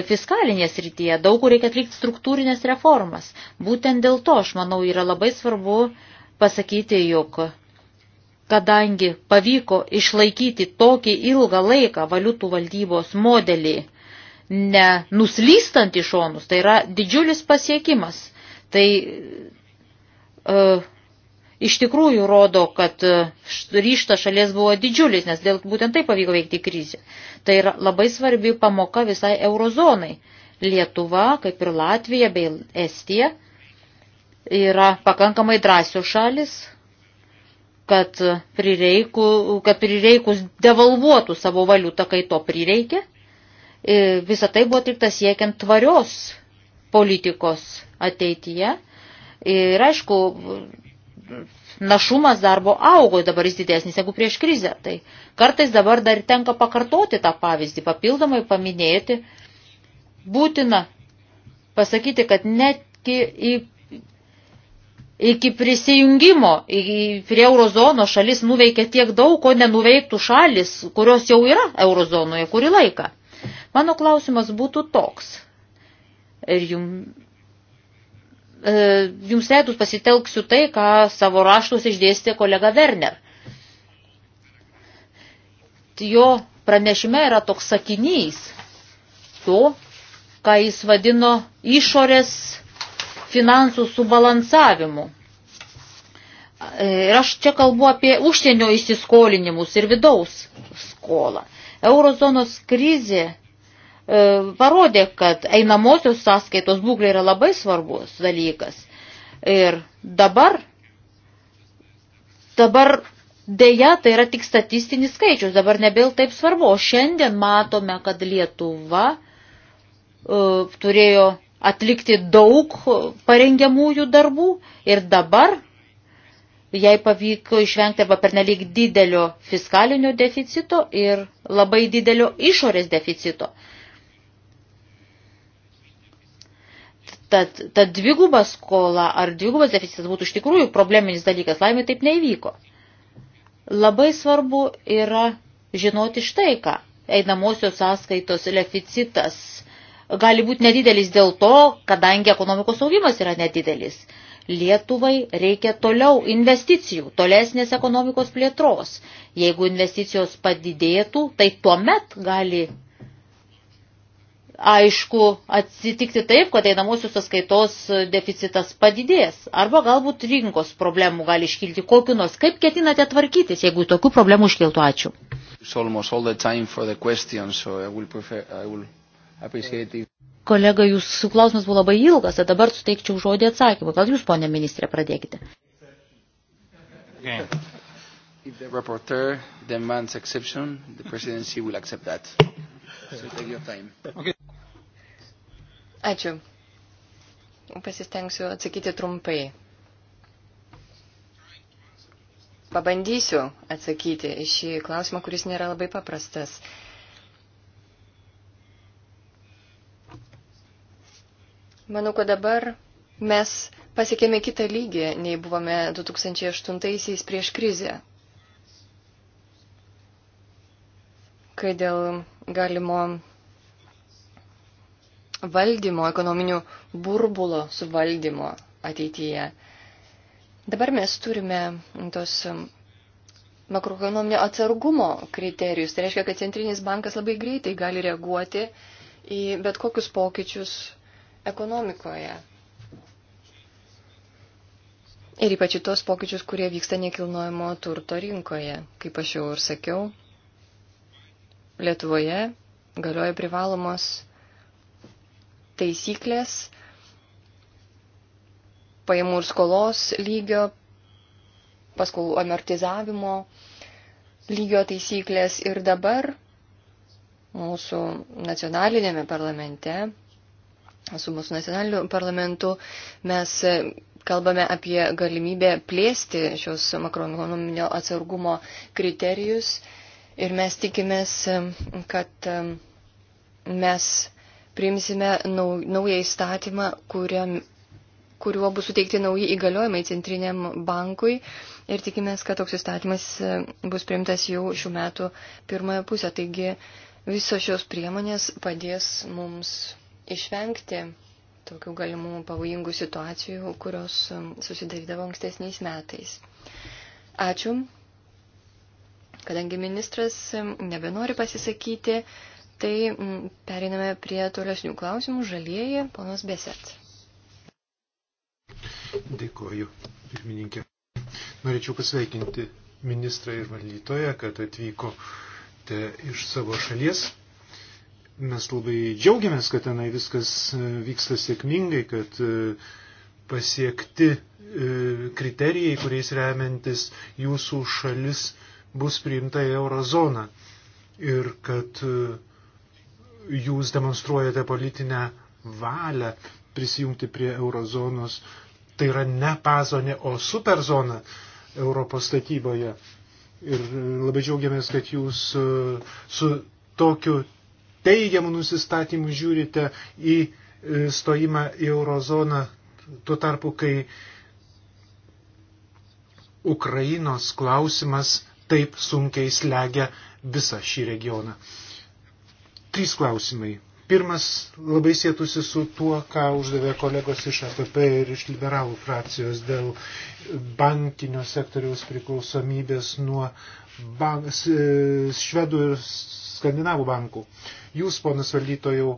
fiskalinės rytyje. Daug kur reikia atlikti struktūrinės reformas. Būtent dėl to, aš manau, yra labai svarbu pasakyti, jog kadangi pavyko išlaikyti tokį ilgą laiką valiutų valdybos modelį, nenuslystant į šonus, tai yra didžiulis pasiekimas. Tai E, iš tikrųjų rodo, kad e, ryšta šalies buvo didžiulis, nes dėl būtent tai pavyko veikti krizę. Tai yra labai svarbi pamoka visai eurozonai. Lietuva, kaip ir Latvija bei Estija, yra pakankamai drąsios šalis, kad, prireiku, kad prireikus devalvuotų savo valiutą, kai to prireikia. E, Visą tai buvo atlikta siekiant tvarios politikos ateityje Ir aišku, našumas darbo augo, dabar jis didesnis negu prieš krizę. Tai kartais dabar dar tenka pakartoti tą pavyzdį, papildomai paminėti. Būtina pasakyti, kad netgi į, iki prisijungimo į, prie eurozono šalis nuveikia tiek daug, ko nenuveiktų šalis, kurios jau yra eurozonoje kurį laiką. Mano klausimas būtų toks. Ir jums E, jums leidus pasitelksiu tai, ką savo raštus išdėstė kolega Werner. Jo pranešime yra toks sakinys to, ką jis vadino išorės finansų subalansavimu. E, ir aš čia kalbu apie užsienio įsiskolinimus ir vidaus skolą. Eurozonos krizė E, parodė, kad einamosios sąskaitos būklė yra labai svarbus dalykas. Ir dabar, dabar dėja tai yra tik statistinis skaičius, dabar nebėl taip svarbu. O šiandien matome, kad Lietuva uh, turėjo atlikti daug parengiamųjų darbų ir dabar jai pavyko išvengti arba pernelyg didelio fiskalinio deficito ir labai didelio išorės deficito. Uh, Tad ta dviguba skola ar dvigubas deficitas būtų iš tikrųjų probleminis dalykas. Laimė taip nevyko. Labai svarbu yra žinoti štai ką. Einamosios sąskaitos deficitas gali būti nedidelis dėl to, kadangi ekonomikos augimas yra nedidelis. Lietuvai reikia toliau investicijų, tolesnės ekonomikos plėtros. Jeigu investicijos padidėtų, tai tuomet gali aišku atsitikti taip, kad einamosios sąskaitos deficitas padidės. Arba galbūt rinkos problemų gali iškilti kokiu nors. Kaip ketinate tvarkytis, jeigu tokių problemų iškiltų? Ačiū. Kolega, jūsų klausimas buvo labai ilgas, o dabar suteikčiau žodį atsakymą. Gal jūs, ponė ministrė, pradėkite. Okay. If the rapporteur demands exception, the presidency will accept that. Okay. Ačiū. Pasistengsiu atsakyti trumpai. Pabandysiu atsakyti į šį klausimą, kuris nėra labai paprastas. Manau, kad dabar mes pasiekėme kitą lygį, nei buvome 2008-aisiais prieš krizę. Kai dėl galimo valdymo, ekonominių burbulo suvaldymo ateityje. Dabar mes turime tos um, makroekonominio atsargumo kriterijus. Tai reiškia, kad centrinis bankas labai greitai gali reaguoti į bet kokius pokyčius ekonomikoje. Ir ypač į tos pokyčius, kurie vyksta nekilnojamo turto rinkoje, kaip aš jau ir sakiau. Lietuvoje galioja privalomos taisyklės pajamų ir skolos lygio, paskolų amortizavimo lygio taisyklės ir dabar mūsų nacionalinėme parlamente, su mūsų nacionaliniu parlamentu mes kalbame apie galimybę plėsti šios makroekonominio atsargumo kriterijus Ir mes tikimės, kad mes priimsime naują įstatymą, kuriam, kuriuo bus suteikti nauji įgaliojimai Centriniam bankui. Ir tikimės, kad toks įstatymas bus priimtas jau šių metų pirmąją pusę. Taigi visos šios priemonės padės mums išvengti tokių galimų pavojingų situacijų, kurios susidarydavo ankstesniais metais. Ačiū. Kadangi ministras nebenori pasisakyti, tai periname prie tolesnių klausimų. Žalieji, ponas Beset. Dėkoju, pirmininkė. Norėčiau pasveikinti ministrą ir valdytoją, kad atvykote iš savo šalies. Mes labai džiaugiamės, kad tenai viskas e, vyksta sėkmingai, kad e, pasiekti e, kriterijai, kuriais remiantis jūsų šalis bus priimta į eurozoną ir kad e, jūs demonstruojate politinę valią prisijungti prie eurozonos. Tai yra ne pazonė, o superzona Europos statyboje. Ir e, labai džiaugiamės, kad jūs e, su tokiu teigiamu nusistatymu žiūrite į stojimą į eurozoną, tuo tarpu, kai Ukrainos klausimas taip sunkiai slegia visą šį regioną. Trys klausimai. Pirmas labai sėtusi su tuo, ką uždavė kolegos iš APP ir iš liberalų frakcijos dėl bankinio sektoriaus priklausomybės nuo bank, švedų ir skandinavų bankų. Jūs, ponas valdytojau,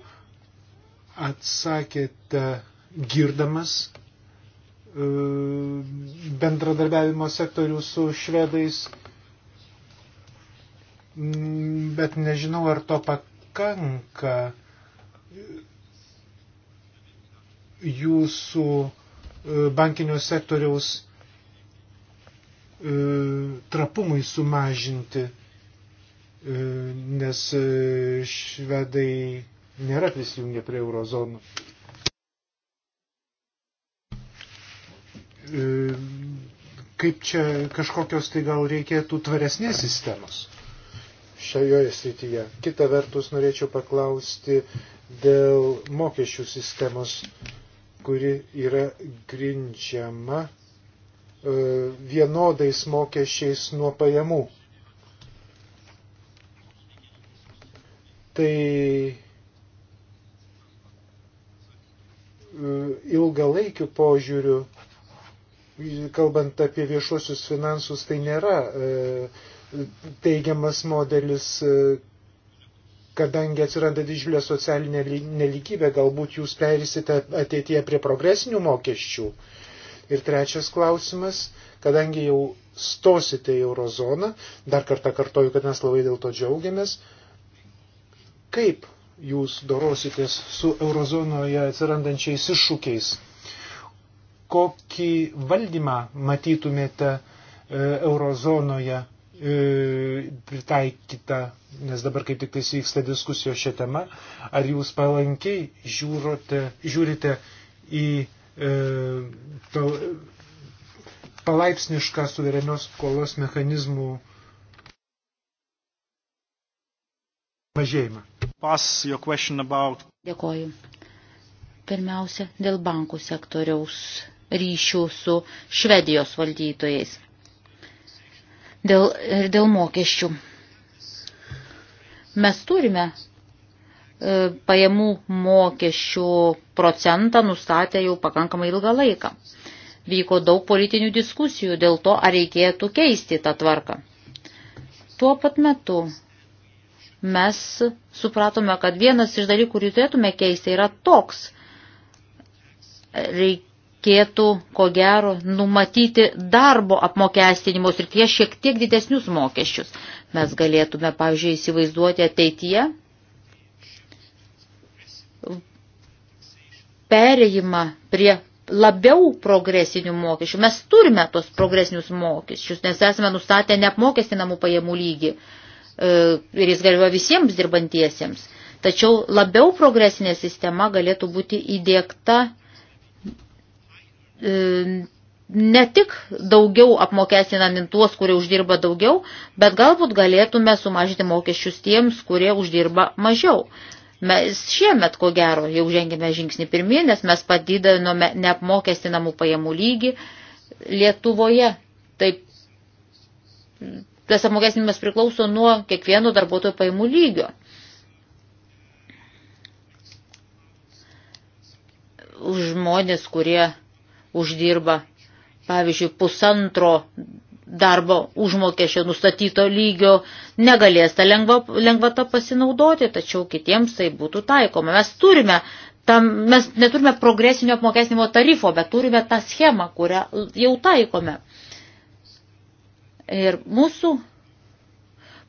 atsakėte girdamas e, bendradarbiavimo sektorių su švedais Mm, bet nežinau, ar to pakanka jūsų e, bankinio sektoriaus e, trapumui sumažinti, e, nes švedai nėra prisijungę prie eurozonų. Kaip čia kažkokios tai gal reikėtų tvaresnės sistemos? šioje srityje. Kita vertus norėčiau paklausti dėl mokesčių sistemos, kuri yra grindžiama e, vienodais mokesčiais nuo pajamų. Tai e, ilgalaikių požiūrių, kalbant apie viešuosius finansus, tai nėra e, teigiamas modelis, e, kadangi atsiranda didžiulė socialinė neligybė, galbūt jūs perėsite ateityje prie progresinių mokesčių. Ir trečias klausimas, kadangi jau stosite į eurozoną, dar kartą kartoju, kad mes labai dėl to džiaugiamės, kaip jūs dorositės su eurozonoje atsirandančiais iššūkiais? Kokį valdymą matytumėte e, eurozonoje E, pritaikyta, nes dabar kaip tik tai vyksta diskusijos šią temą, ar jūs palankiai žiūrote, žiūrite į e, to, palaipsnišką suverenios skolos mechanizmų mažėjimą. About... Dėkoju. Pirmiausia, dėl bankų sektoriaus ryšių su Švedijos valdytojais dėl, e, dėl mokesčių. Mes turime e, pajamų mokesčių procentą nustatę jau pakankamai ilgą laiką. Vyko daug politinių diskusijų dėl to, ar reikėtų keisti tą tvarką. Tuo pat metu mes supratome, kad vienas iš dalykų, kurį turėtume keisti, yra toks. Reik reikėtų, ko gero, numatyti darbo apmokestinimo srityje šiek tiek didesnius mokesčius. Mes galėtume, pavyzdžiui, įsivaizduoti ateityje perėjimą prie labiau progresinių mokesčių. Mes turime tos progresinius mokesčius, nes esame nustatę neapmokestinamų pajamų lygį e, ir jis galioja visiems dirbantiesiems. Tačiau labiau progresinė sistema galėtų būti įdėkta E, ne tik daugiau apmokestinami tuos, kurie uždirba daugiau, bet galbūt galėtume sumažinti mokesčius tiems, kurie uždirba mažiau. Mes šiemet, ko gero, jau žengėme žingsnį pirmyn, nes mes padidinome neapmokestinamų pajamų lygį Lietuvoje. Taip, tas apmokestinimas priklauso nuo kiekvieno darbuotojo pajamų lygio. Žmonės, kurie uždirba, pavyzdžiui, pusantro darbo užmokesčio nustatyto lygio negalės tą lengva, lengvatą pasinaudoti, tačiau kitiems tai būtų taikoma. Mes turime tam, mes neturime progresinio apmokesnimo tarifo, bet turime tą schemą, kurią jau taikome. Ir mūsų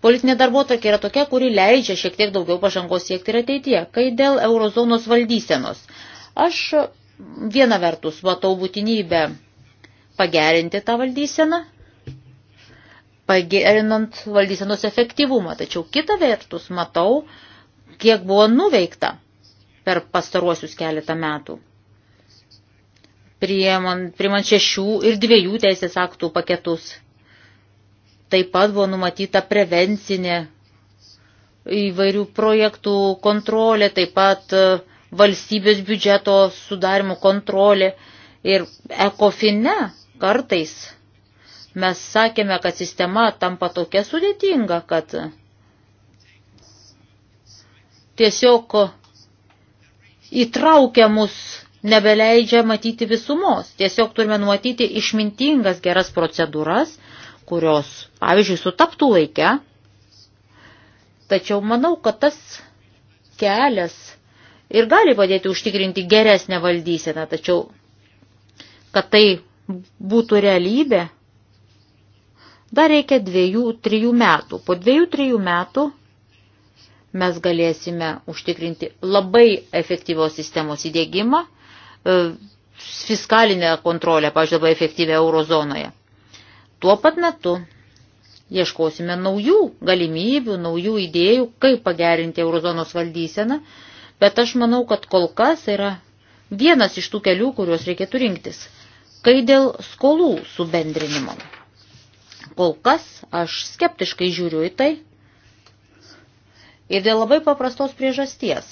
politinė darbotvarkė yra tokia, kuri leidžia šiek tiek daugiau pažangos siekti ir ateityje, kai dėl eurozonos valdysenos. Aš Viena vertus, matau būtinybę pagerinti tą valdyseną, pagerinant valdysenos efektyvumą, tačiau kita vertus, matau, kiek buvo nuveikta per pastaruosius keletą metų. Priemant, priemant šešių ir dviejų teisės aktų paketus. Taip pat buvo numatyta prevencinė įvairių projektų kontrolė, taip pat uh, valstybės biudžeto sudarimo kontrolė ir ekofine kartais mes sakėme, kad sistema tampa tokia sudėtinga, kad tiesiog įtraukia mus nebeleidžia matyti visumos. Tiesiog turime numatyti išmintingas geras procedūras, kurios, pavyzdžiui, sutaptų laike. Tačiau manau, kad tas kelias ir gali padėti užtikrinti geresnę valdyseną, tačiau, kad tai būtų realybė, dar reikia dviejų, trijų metų. Po dviejų, trijų metų mes galėsime užtikrinti labai efektyvos sistemos įdėgymą, e, fiskalinę kontrolę, pažiūrėjau, labai efektyvę eurozonoje. Tuo pat metu ieškosime naujų galimybių, naujų idėjų, kaip pagerinti eurozonos valdyseną Bet aš manau, kad kol kas yra vienas iš tų kelių, kuriuos reikėtų rinktis. Kai dėl skolų subendrinimo. Kol kas aš skeptiškai žiūriu į tai ir dėl labai paprastos priežasties.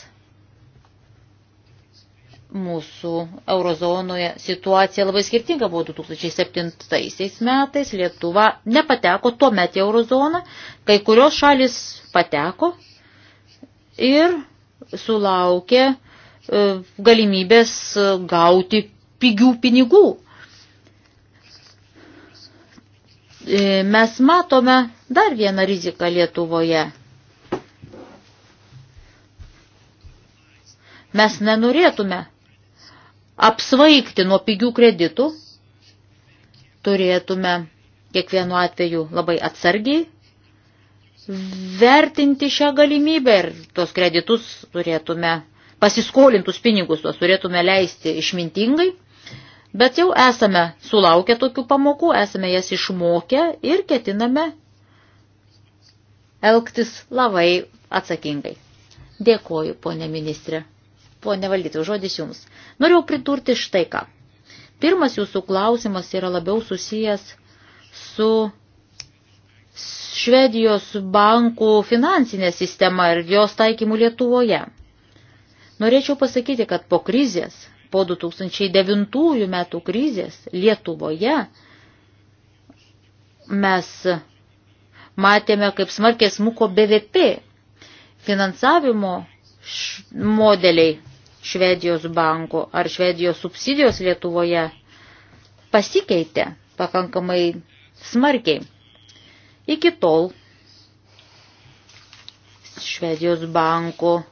Mūsų eurozonoje situacija labai skirtinga buvo 2007 metais. Lietuva nepateko tuo metu į eurozoną, kai kurios šalis pateko ir sulaukė e, galimybės e, gauti pigių pinigų. E, mes matome dar vieną riziką Lietuvoje. Mes nenorėtume apsvaigti nuo pigių kreditų, turėtume kiekvienu atveju labai atsargiai vertinti šią galimybę ir tos kreditus turėtume, pasiskolintus pinigus tuos turėtume leisti išmintingai, bet jau esame sulaukę tokių pamokų, esame jas išmokę ir ketiname elgtis labai atsakingai. Dėkoju, ponė ministrė. Pone valdytojų, žodis jums. Norėjau pridurti štai ką. Pirmas jūsų klausimas yra labiau susijęs su Švedijos bankų finansinė sistema ir jos taikymų Lietuvoje. Norėčiau pasakyti, kad po krizės, po 2009 metų krizės Lietuvoje mes matėme, kaip smarkiai smuko BVP finansavimo modeliai Švedijos banko ar Švedijos subsidijos Lietuvoje pasikeitė pakankamai smarkiai. Iki tol Švedijos banko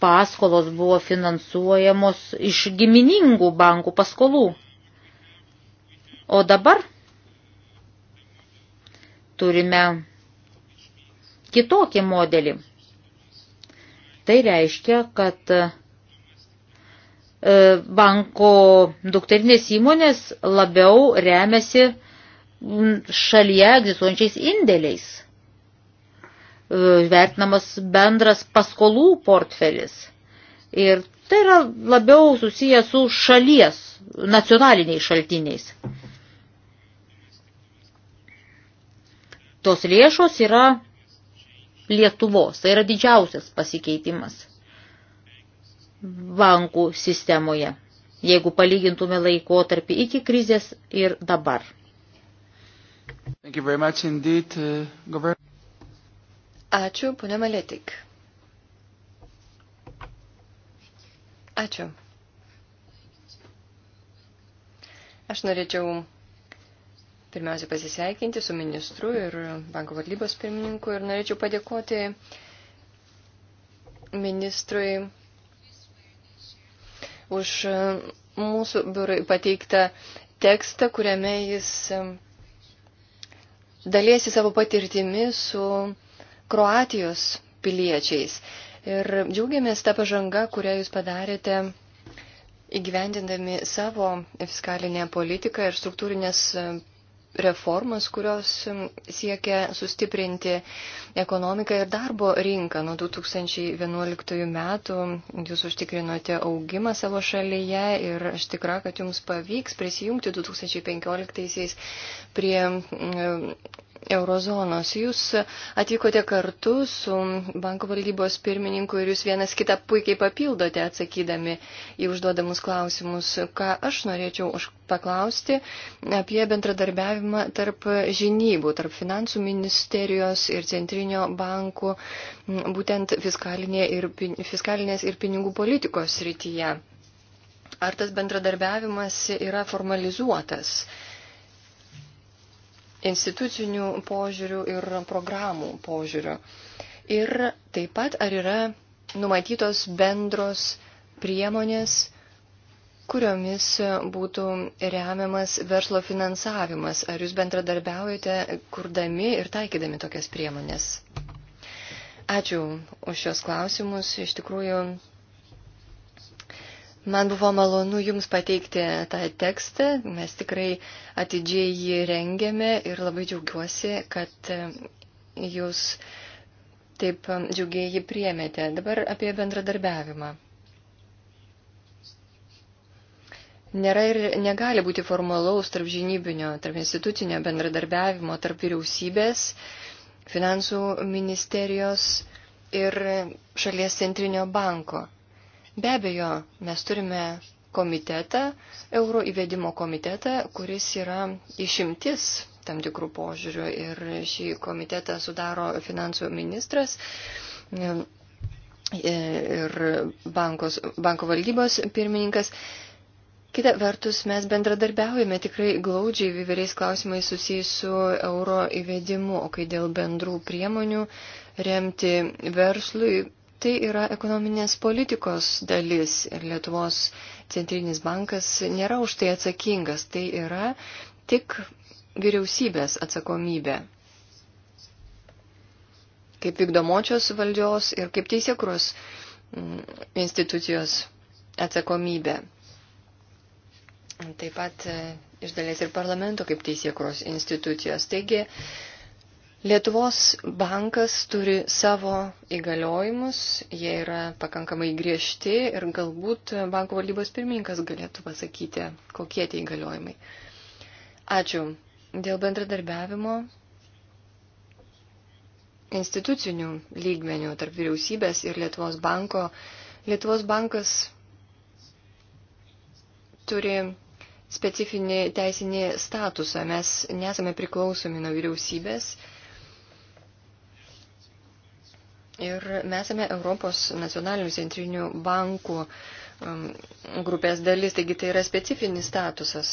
paskolos buvo finansuojamos iš giminingų bankų paskolų. O dabar turime kitokį modelį. Tai reiškia, kad e, banko dukterinės įmonės labiau remiasi šalyje egzistuojančiais indėliais. E, vertinamas bendras paskolų portfelis. Ir tai yra labiau susiję su šalies nacionaliniais šaltiniais. Tos lėšos yra Lietuvos. Tai yra didžiausias pasikeitimas bankų sistemoje, jeigu palygintume laikotarpį iki krizės ir dabar. Indeed, uh, Ačiū, ponė Maletik. Ačiū. Aš norėčiau pirmiausia pasisveikinti su ministru ir banko valdybos pirmininku ir norėčiau padėkoti ministrui už mūsų biurui pateiktą tekstą, kuriame jis dalėsi savo patirtimi su Kroatijos piliečiais. Ir džiaugiamės tą pažangą, kurią jūs padarėte įgyvendindami savo fiskalinę politiką ir struktūrinės reformas, kurios siekia sustiprinti ekonomiką ir darbo rinką. Nuo 2011 metų jūs užtikrinote augimą savo šalyje ir aš tikra, kad jums pavyks prisijungti 2015 prie eurozonos. Jūs atvykote kartu su banko valdybos pirmininku ir jūs vienas kitą puikiai papildote atsakydami į užduodamus klausimus. Ką aš norėčiau paklausti apie bendradarbiavimą tarp žinybų, tarp finansų ministerijos ir centrinio bankų, būtent fiskalinė ir, fiskalinės ir pinigų politikos rytyje. Ar tas bendradarbiavimas yra formalizuotas? institucinių požiūrių ir programų požiūrių. Ir taip pat ar yra numatytos bendros priemonės, kuriomis būtų remiamas verslo finansavimas. Ar jūs bendradarbiaujate, kurdami ir taikydami tokias priemonės? Ačiū už šios klausimus. Iš tikrųjų, Man buvo malonu Jums pateikti tą tekstą. Mes tikrai atidžiai jį rengėme ir labai džiaugiuosi, kad e, Jūs taip e, džiugiai jį priemėte. Dabar apie bendradarbiavimą. Nėra ir negali būti formalaus tarp žinybinio, tarp institucinio bendradarbiavimo, tarp vyriausybės, finansų ministerijos ir šalies centrinio banko. Be abejo, mes turime komitetą, euro įvedimo komitetą, kuris yra išimtis tam tikrų požiūrių ir šį komitetą sudaro finansų ministras e, ir bankos, banko valdybos pirmininkas. Kita vertus, mes bendradarbiaujame tikrai glaudžiai įvairiais klausimais susijęs su euro įvedimu, o kai dėl bendrų priemonių remti verslui tai yra ekonominės politikos dalis ir Lietuvos centrinis bankas nėra už tai atsakingas, tai yra tik vyriausybės atsakomybė kaip vykdomočios valdžios ir kaip teisėkros mm, institucijos atsakomybė. Taip pat e, iš dalies ir parlamento kaip teisėkros institucijos. Taigi, Lietuvos bankas turi savo įgaliojimus, jie yra pakankamai griežti ir galbūt banko valdybos pirmininkas galėtų pasakyti, kokie tie įgaliojimai. Ačiū. Dėl bendradarbiavimo institucinių lygmenių tarp vyriausybės ir Lietuvos banko. Lietuvos bankas turi specifinį teisinį statusą. Mes nesame priklausomi nuo vyriausybės Ir mes esame Europos nacionalinių centrinių bankų um, grupės dalis, taigi tai yra specifinis statusas.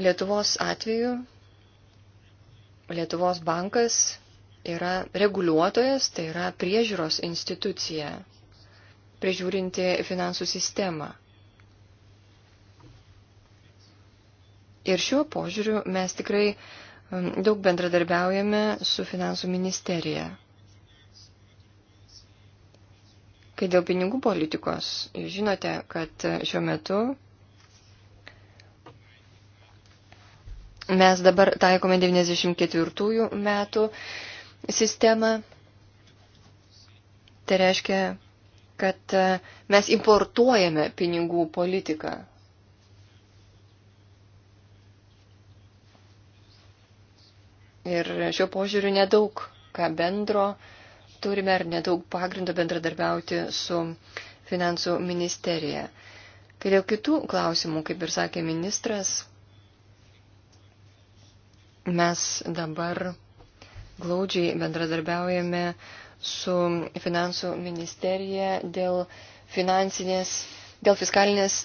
Lietuvos atveju Lietuvos bankas yra reguliuotojas, tai yra priežiūros institucija, priežiūrinti finansų sistemą. Ir šiuo požiūriu mes tikrai um, daug bendradarbiaujame su finansų ministerija. Kai dėl pinigų politikos, jūs žinote, kad šiuo metu mes dabar taikome 94 metų sistemą. Tai reiškia, kad mes importuojame pinigų politiką. Ir šiuo požiūriu nedaug ką bendro turime ar nedaug pagrindo bendradarbiauti su finansų ministerija. Kai dėl kitų klausimų, kaip ir sakė ministras, mes dabar glaudžiai bendradarbiaujame su finansų ministerija dėl finansinės, dėl fiskalinės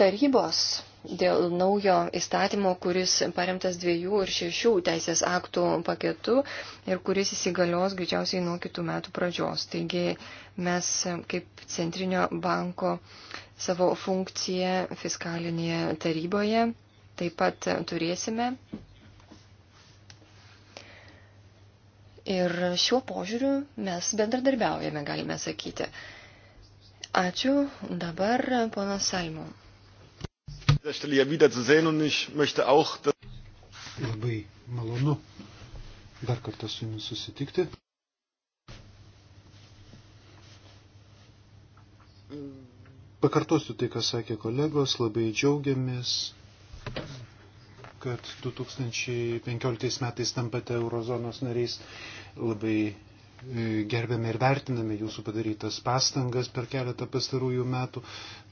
tarybos dėl naujo įstatymo, kuris paremtas dviejų ir šešių teisės aktų paketu ir kuris įsigalios greičiausiai nuo kitų metų pradžios. Taigi mes kaip Centrinio banko savo funkciją fiskalinėje taryboje taip pat turėsime. Ir šiuo požiūriu mes bendradarbiaujame, galime sakyti. Ačiū. Dabar ponas Salmon. Labai malonu dar kartą su jumis susitikti. Pakartosiu tai, ką sakė kolegos, labai džiaugiamės, kad 2015 metais tampate eurozonos nariais. Labai e, gerbėme ir vertiname jūsų padarytas pastangas per keletą pastarųjų metų,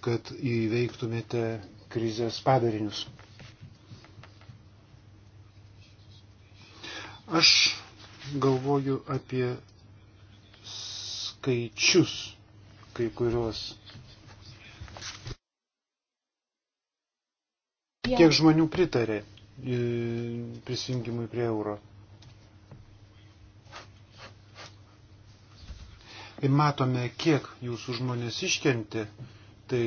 kad įveiktumėte krizės padarinius. Aš galvoju apie skaičius kai kuriuos. Kiek žmonių pritarė e, prisijungimui prie euro? kai matome, kiek jūsų žmonės iškentė, tai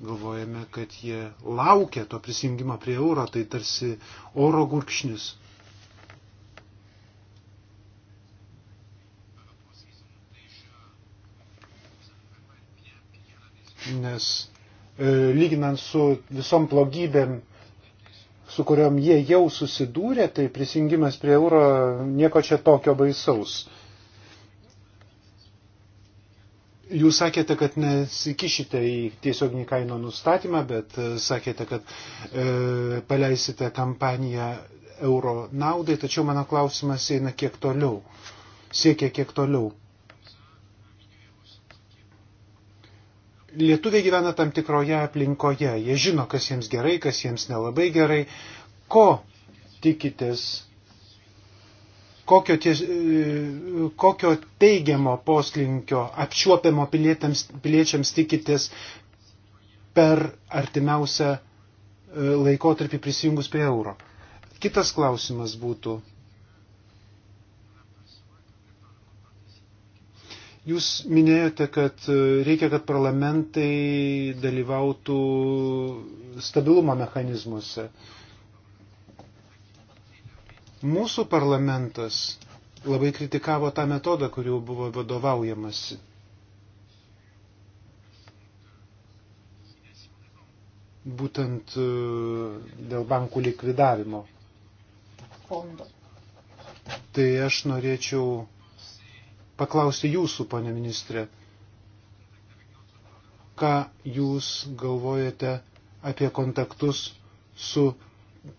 galvojame, kad jie laukia to prisijungimo prie euro, tai tarsi oro gurkšnis. Nes e, lyginant su visom blogybėm, su kuriuom jie jau susidūrė, tai prisijungimas prie euro nieko čia tokio baisaus. E, Jūs sakėte, kad nesikišite į tiesioginį kaino nustatymą, bet e, sakėte, kad e, paleisite kampaniją euro naudai, tačiau mano klausimas eina kiek toliau, siekia kiek toliau. Lietuviai gyvena tam tikroje aplinkoje, jie žino, kas jiems gerai, kas jiems nelabai gerai. Ko tikitės kokio, ties, e, kokio teigiamo poslinkio apčiuopiamo piliečiams tikitės per artimiausią e, laikotarpį prisijungus prie euro. Kitas klausimas būtų. Jūs minėjote, kad e, reikia, kad parlamentai dalyvautų stabilumo mechanizmuose. Uh, Mūsų parlamentas labai kritikavo tą metodą, kuriuo buvo vadovaujamasi. Būtent e, dėl bankų likvidavimo. Fondo. Tai aš norėčiau paklausti jūsų, ponė ministrė, ką jūs galvojate apie kontaktus su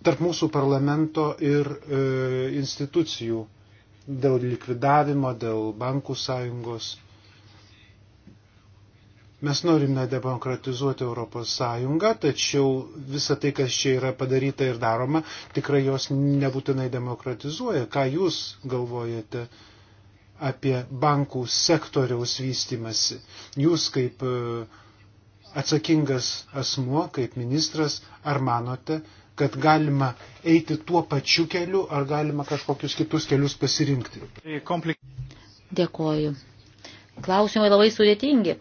tarp mūsų parlamento ir e, institucijų dėl likvidavimo, dėl bankų sąjungos. Mes norime demokratizuoti Europos Sąjungą, tačiau visa tai, kas čia yra padaryta ir daroma, tikrai jos nebūtinai demokratizuoja. Ką Jūs galvojate apie bankų sektoriaus vystimasi? Jūs kaip e, atsakingas asmuo, kaip ministras, ar manote, kad galima eiti tuo pačiu keliu, ar galima kažkokius kitus kelius pasirinkti. Dėkoju. Klausimai labai sudėtingi.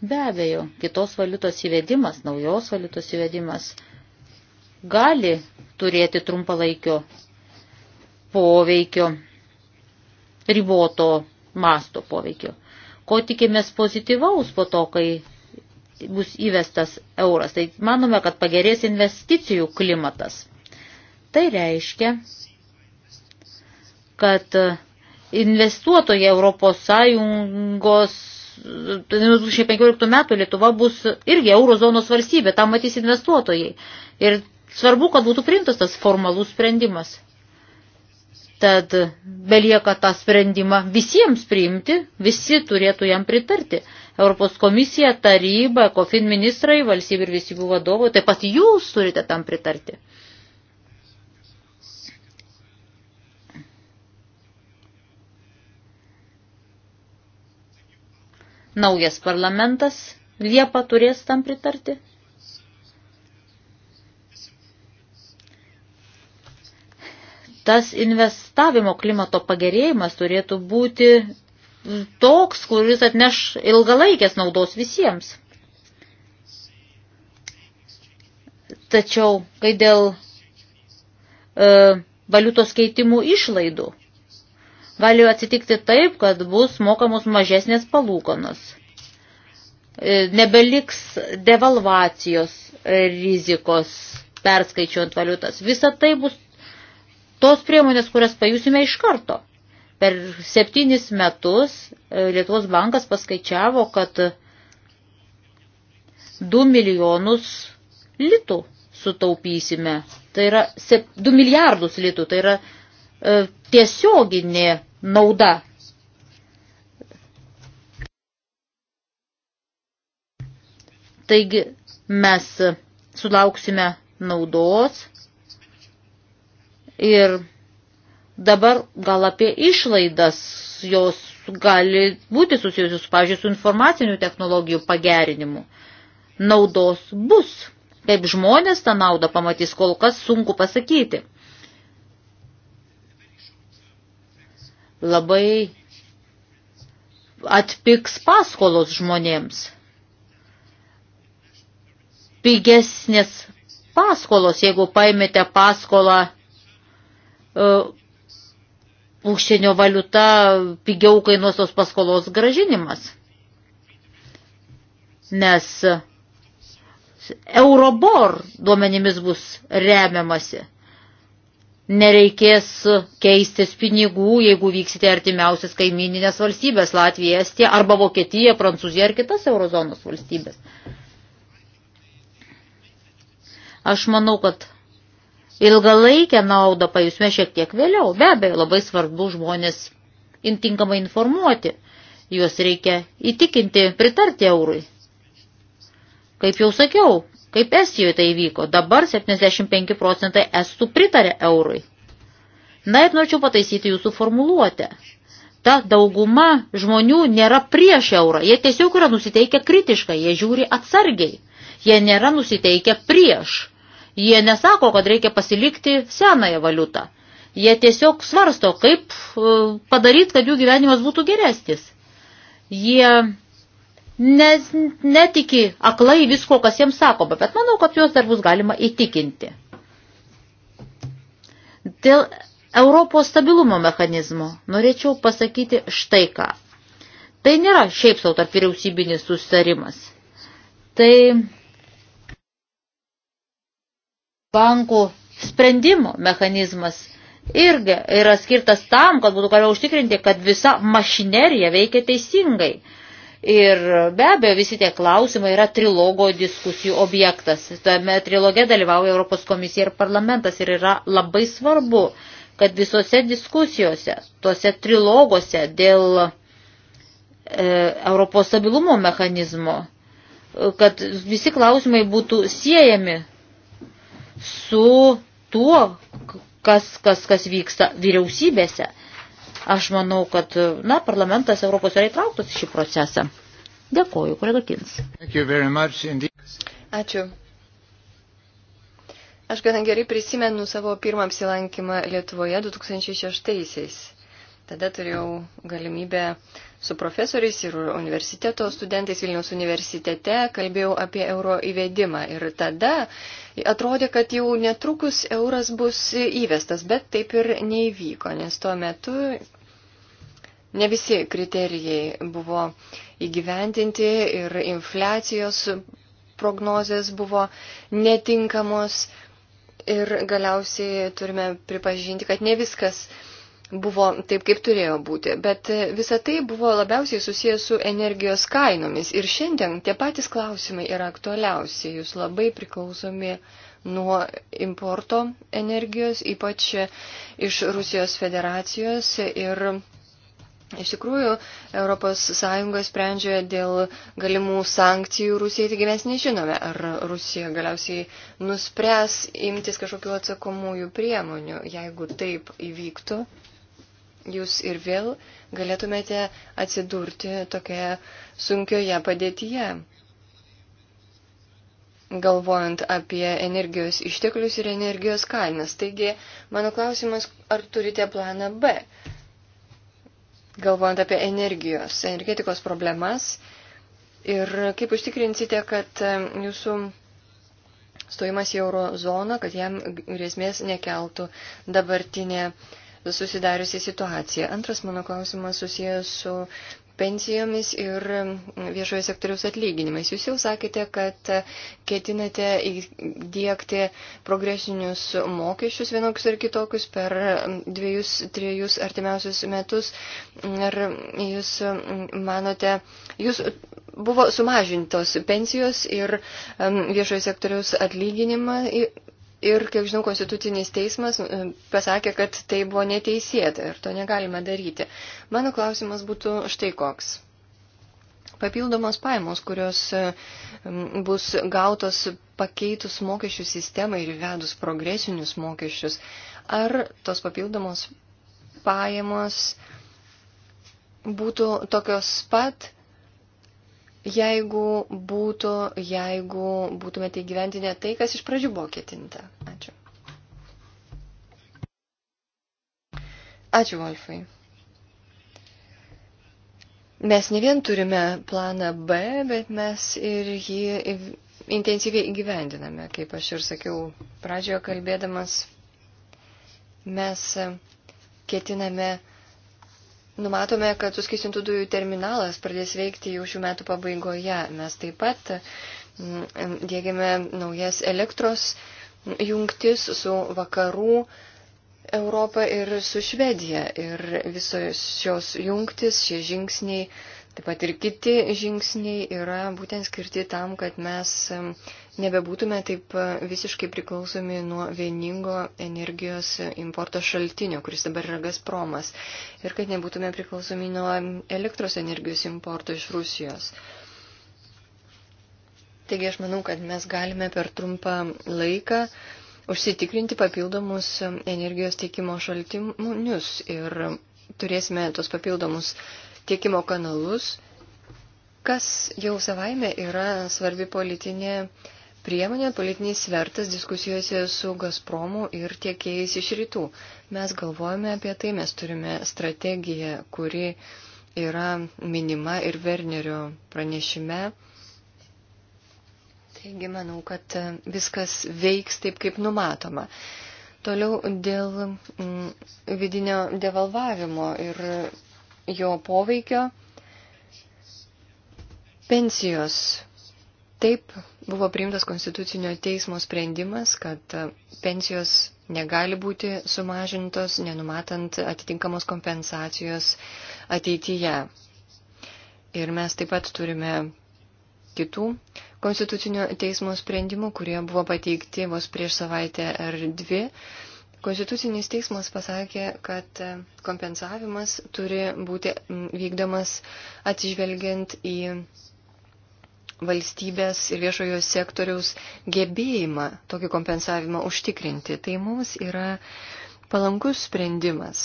Be abejo, kitos valiutos įvedimas, naujos valiutos įvedimas gali turėti trumpalaikio poveikio, riboto masto poveikio. Ko tikimės pozityvaus po to, kai bus įvestas euras. Tai manome, kad pagerės investicijų klimatas. Tai reiškia, kad investuotojai Europos Sąjungos 2015 tai metų Lietuva bus irgi eurozonos valstybė, tam matys investuotojai. Ir svarbu, kad būtų priimtas tas formalus sprendimas. Tad belieka tą sprendimą visiems priimti, visi turėtų jam pritarti. Europos komisija, taryba, kofin ministrai, valstybių ir visybių vadovų, taip pat jūs turite tam pritarti. Naujas parlamentas Liepa turės tam pritarti. tas investavimo klimato pagerėjimas turėtų būti toks, kuris atneš ilgalaikės naudos visiems. Tačiau, kai dėl e, valiutos keitimų išlaidų, gali atsitikti taip, kad bus mokamos mažesnės palūkonos. E, nebeliks devalvacijos rizikos perskaičiuojant valiutas. Visa tai bus tos priemonės, kurias pajusime iš karto. Per septynis metus e, Lietuvos bankas paskaičiavo, kad 2 milijonus litų sutaupysime. Tai yra 2 milijardus litų, tai yra e, tiesioginė nauda. Taigi mes sulauksime naudos Ir dabar gal apie išlaidas jos gali būti susijusius, pavyzdžiui, su informacinių technologijų pagerinimu. Naudos bus. Kaip žmonės tą naudą pamatys, kol kas sunku pasakyti. Labai atpiks paskolos žmonėms. Pigesnės paskolos, jeigu paimėte paskolą E, užsienio valiuta pigiau kainuos tos paskolos gražinimas. Nes Eurobor duomenimis bus remiamasi. Nereikės keistis pinigų, jeigu vyksite artimiausias kaimininės valstybės, Latvija, Estija arba Vokietija, Prancūzija ar kitas eurozonos valstybės. Aš manau, kad Ilgalaikę naudą pajusime šiek tiek vėliau. Be abejo, labai svarbu žmonės intinkamai informuoti. Juos reikia įtikinti, pritarti eurui. Kaip jau sakiau, kaip Estijoje tai vyko, dabar 75 procentai estų pritarė eurui. Na ir norėčiau pataisyti jūsų formuluotę. Ta dauguma žmonių nėra prieš eurą, jie tiesiog yra nusiteikę kritiškai, jie žiūri atsargiai, jie nėra nusiteikę prieš Jie nesako, kad reikia pasilikti senąją valiutą. Jie tiesiog svarsto, kaip e, padaryti, kad jų gyvenimas būtų geresnis. Jie ne, netiki aklai visko, kas jiems sakoma, bet manau, kad juos dar bus galima įtikinti. Dėl Europos stabilumo mechanizmo norėčiau pasakyti štai ką. Tai nėra šiaip savo tarp vyriausybinis susitarimas. Tai bankų sprendimo mechanizmas irgi yra skirtas tam, kad būtų galima užtikrinti, kad visa mašinerija veikia teisingai. Ir be abejo, visi tie klausimai yra trilogo diskusijų objektas. Tame triloge dalyvauja Europos komisija ir parlamentas ir yra labai svarbu, kad visose diskusijose, tuose trilogose dėl e, Europos stabilumo mechanizmo, kad visi klausimai būtų siejami su tuo, kas, kas, kas vyksta vyriausybėse. Aš manau, kad na, parlamentas Europos yra įtrauktas į šį procesą. Dėkoju, kolega Kins. Ačiū. Aš gana gerai prisimenu savo pirmą apsilankymą Lietuvoje 2006-aisiais. Tada turėjau galimybę su profesoriais ir universiteto studentais Vilniaus universitete kalbėjau apie euro įvedimą. Ir tada atrodė, kad jau netrukus euras bus įvestas, bet taip ir neįvyko, nes tuo metu ne visi kriterijai buvo įgyventinti ir infliacijos prognozės buvo netinkamos. Ir galiausiai turime pripažinti, kad ne viskas buvo taip, kaip turėjo būti. Bet visa tai buvo labiausiai susijęs su energijos kainomis. Ir šiandien tie patys klausimai yra aktualiausi. Jūs labai priklausomi nuo importo energijos, ypač iš Rusijos federacijos. Ir Iš tikrųjų, ES sprendžia dėl galimų sankcijų Rusijai, taigi mes nežinome, ar Rusija galiausiai nuspręs imtis kažkokiu atsakomųjų priemonių. Jeigu taip įvyktų, jūs ir vėl galėtumėte atsidurti tokioje sunkioje padėtyje. Galvojant apie energijos išteklius ir energijos kainas. Taigi, mano klausimas, ar turite planą B? Galvojant apie energijos, energetikos problemas ir kaip užtikrinsite, kad jūsų stojimas į eurozoną, kad jam grėsmės nekeltų dabartinė uh, susidariusi situacija. Antras mano klausimas susijęs su pensijomis ir viešojo sektoriaus atlyginimais. Jūs jau sakėte, kad ketinate įdėkti progresinius mokesčius vienokius ar kitokius per dviejus, trejus artimiausius metus. Ir jūs manote, jūs buvo sumažintos pensijos ir um, viešojo sektoriaus atlyginimai Ir, kiek žinau, Konstitucinis teismas e, pasakė, kad tai buvo neteisėta ir to negalime daryti. Mano klausimas būtų štai koks. Papildomos pajamos, kurios e, bus gautos pakeitus mokesčių sistemą ir vedus progresinius mokesčius, ar tos papildomos pajamos būtų tokios pat jeigu, būtų, jeigu būtumėte įgyventinę tai, kas iš pradžių buvo ketinta. Ačiū. Ačiū, Wolfai. Mes ne vien turime planą B, bet mes ir jį intensyviai įgyvendiname, kaip aš ir sakiau pradžioje kalbėdamas. Mes ketiname Numatome, kad suskaisintų dujų terminalas pradės veikti jau šių metų pabaigoje. Mes taip pat mm, dėgiame naujas elektros jungtis su vakarų Europą ir su Švedija. Ir visos šios jungtis, šie žingsniai, taip pat ir kiti žingsniai yra būtent skirti tam, kad mes mm, nebebūtume taip e, visiškai priklausomi nuo vieningo energijos importo šaltinio, kuris dabar yra Gazpromas, ir kad nebūtume priklausomi nuo elektros energijos importo iš Rusijos. Taigi aš manau, kad mes galime per trumpą laiką užsitikrinti papildomus energijos tiekimo šaltinius ir turėsime tos papildomus tiekimo kanalus, kas jau savaime yra svarbi politinė uh, priemonė, politinis svertas diskusijose su Gazpromu ir tiekėjais iš rytų. Mes galvojame apie tai, mes turime strategiją, kuri yra minima ir Wernerio pranešime. Taigi manau, kad viskas veiks taip, kaip numatoma. Toliau dėl mm, vidinio devalvavimo ir jo poveikio pensijos Taip buvo priimtas konstitucinio teismo sprendimas, kad e, pensijos negali būti sumažintos, nenumatant atitinkamos kompensacijos ateityje. Ir mes taip pat turime kitų konstitucinio teismo sprendimų, kurie buvo pateikti vos prieš savaitę ar dvi. Konstitucinis teismas pasakė, kad e, kompensavimas turi būti vykdomas atsižvelgiant į valstybės ir viešojo sektoriaus gebėjimą tokį kompensavimą užtikrinti. Tai mums yra palankus sprendimas.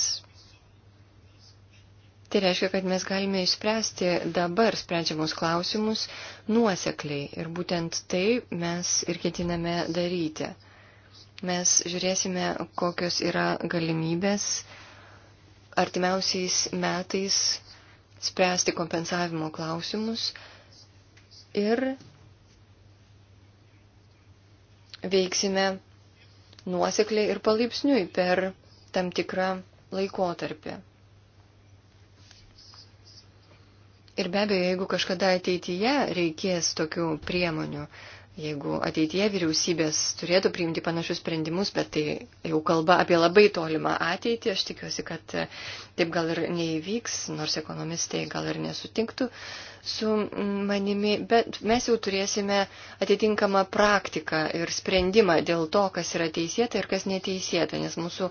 Tai reiškia, kad mes galime išspręsti dabar sprendžiamus klausimus nuosekliai ir būtent tai mes ir ketiname daryti. Mes žiūrėsime, kokios yra galimybės artimiausiais metais spręsti kompensavimo klausimus ir veiksime nuosekliai ir palaipsniui per tam tikrą laikotarpį. Ir be abejo, jeigu kažkada ateityje reikės tokių priemonių, Jeigu ateitie vyriausybės turėtų priimti panašius sprendimus, bet tai jau kalba apie labai tolimą ateitį, aš tikiuosi, kad taip gal ir neįvyks, nors ekonomistai gal ir nesutiktų su manimi, bet mes jau turėsime atitinkamą praktiką ir sprendimą dėl to, kas yra teisėta ir kas neteisėta, nes mūsų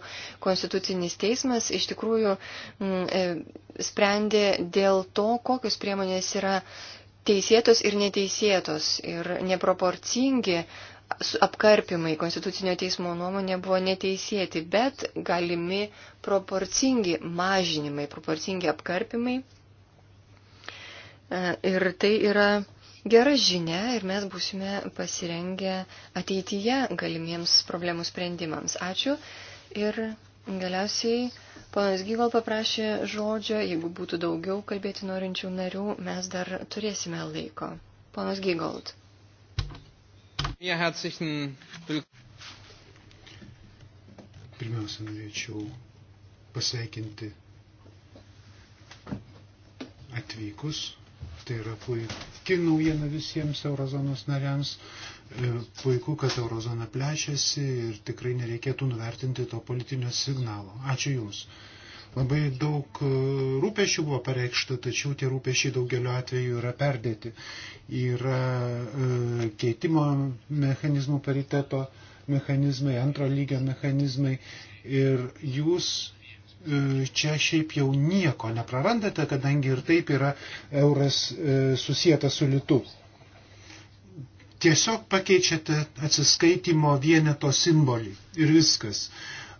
konstitucinis teismas iš tikrųjų m, mm, e, sprendė dėl to, kokius priemonės yra teisėtos ir neteisėtos ir neproporcingi apkarpimai Konstitucinio teismo nuomonė buvo neteisėti, bet galimi proporcingi mažinimai, proporcingi apkarpimai. E, ir tai yra gera žinia ir mes būsime pasirengę ateityje galimiems problemų sprendimams. Ačiū ir Galiausiai ponas Gygol paprašė žodžio, jeigu būtų daugiau kalbėti norinčių narių, mes dar turėsime laiko. Ponas Gygold. Pirmiausia, norėčiau pasveikinti atvykus. Tai yra puikiai naujiena visiems eurozonos nariams. E, puiku, kad eurozona plečiasi ir tikrai nereikėtų nuvertinti to politinio signalo. Ačiū Jums. Labai daug e, rūpešių buvo pareikšta, tačiau tie rūpešiai daugeliu atveju yra perdėti. Yra e, keitimo mechanizmų pariteto mechanizmai, antro lygio mechanizmai ir jūs čia šiaip jau nieko neprarandate, kadangi ir taip yra euras susijęta su litu. Tiesiog pakeičiate atsiskaitimo vieneto simbolį ir viskas.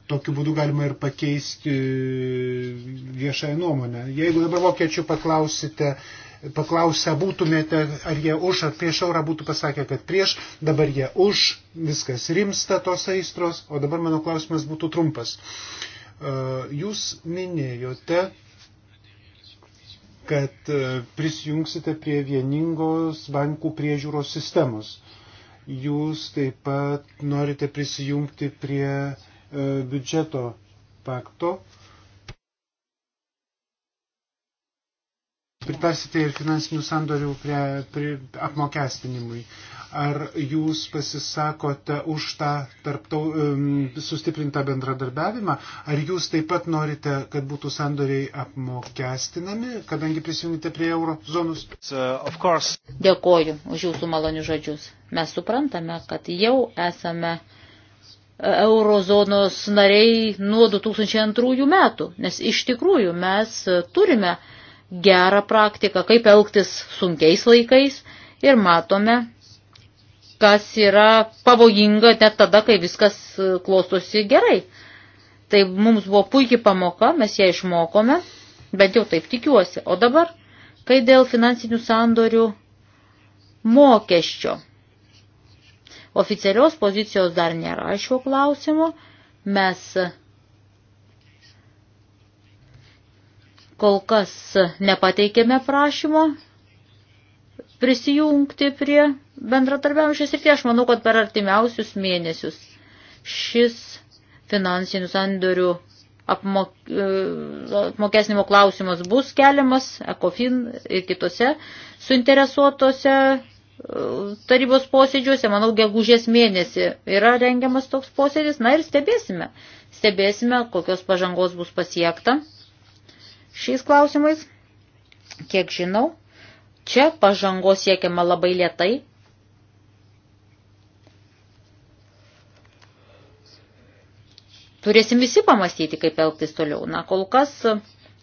Tokiu būdu galima ir pakeisti viešąją nuomonę. Jeigu dabar vokiečių paklausite, paklausę būtumėte, ar jie už ar prieš eurą būtų pasakę, kad prieš, dabar jie už, viskas rimsta tos aistros, o dabar mano klausimas būtų trumpas. Jūs minėjote kad e, prisijungsite prie vieningos bankų priežiūros sistemos. Jūs taip pat norite prisijungti prie e, biudžeto pakto. Pritarsite ir finansinių sandorių prie, prie apmokestinimui. Uh, Ar jūs pasisakote už tą tarptau, sustiprintą bendradarbiavimą? Ar jūs taip pat norite, kad būtų sandoriai apmokestinami, kadangi prisijungite prie eurozonos? Uh, Dėkoju už jūsų malonių žodžius. Mes suprantame, kad jau esame e, eurozonos nariai nuo 2002 metų, nes iš tikrųjų mes turime gerą praktiką, kaip elgtis sunkiais laikais ir matome, kas yra pavojinga net tada, kai viskas e, klostosi gerai. Tai mums buvo puikiai pamoka, mes ją išmokome, bent jau taip tikiuosi. O dabar, kai dėl finansinių sandorių mokesčio. Oficialios pozicijos dar nėra šiuo klausimu. Mes kol kas nepateikėme prašymo prisijungti prie bendratarbiavimo ir tie aš manau, kad per artimiausius mėnesius šis finansinių sandorių apmok, e, apmokesnimo klausimas bus keliamas ECOFIN ir kitose suinteresuotose e, tarybos posėdžiuose, manau, gegužės mėnesį yra rengiamas toks posėdis, na ir stebėsime, stebėsime, kokios pažangos bus pasiekta šiais klausimais, kiek žinau, Čia pažangos siekiama labai lietai. Turėsim visi pamastyti, kaip elgtis toliau. Na, kol kas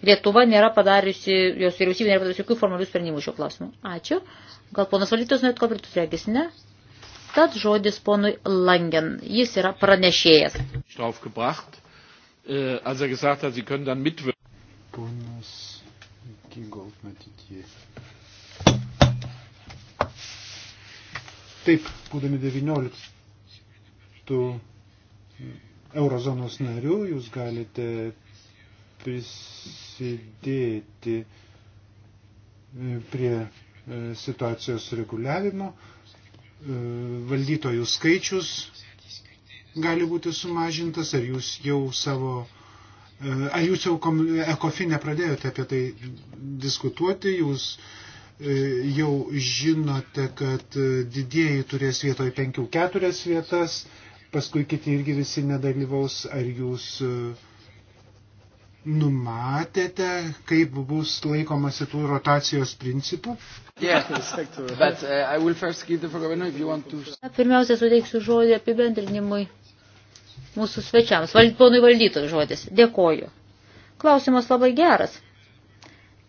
Lietuva nėra padariusi, jos vyriausybė nėra padariusi jokių formalių sprendimų šio klausimu. Ačiū. Gal ponas valytos norėtų kopritus regis, ne? Tad žodis ponui Langen. Jis yra pranešėjas. Äh, er ponas Gigold, matyt, jie Taip, būdami 19 eurozonos narių, jūs galite prisidėti e, prie e, situacijos reguliavimo, e, valdytojų skaičius gali būti sumažintas, ar jūs jau savo Ar jūs jau ekofinė pradėjote apie tai diskutuoti, jūs E, jau žinote, kad e, didieji turės vietoj penkių keturias vietas, paskui kiti irgi visi nedalyvaus, ar jūs e, numatėte, kaip bus laikomasi tų rotacijos principų? Yeah. But, uh, to... Pirmiausia, suteiksiu žodį apibendrinimui mūsų svečiams. Val, ponui valdytojų žodis. Dėkoju. Klausimas labai geras.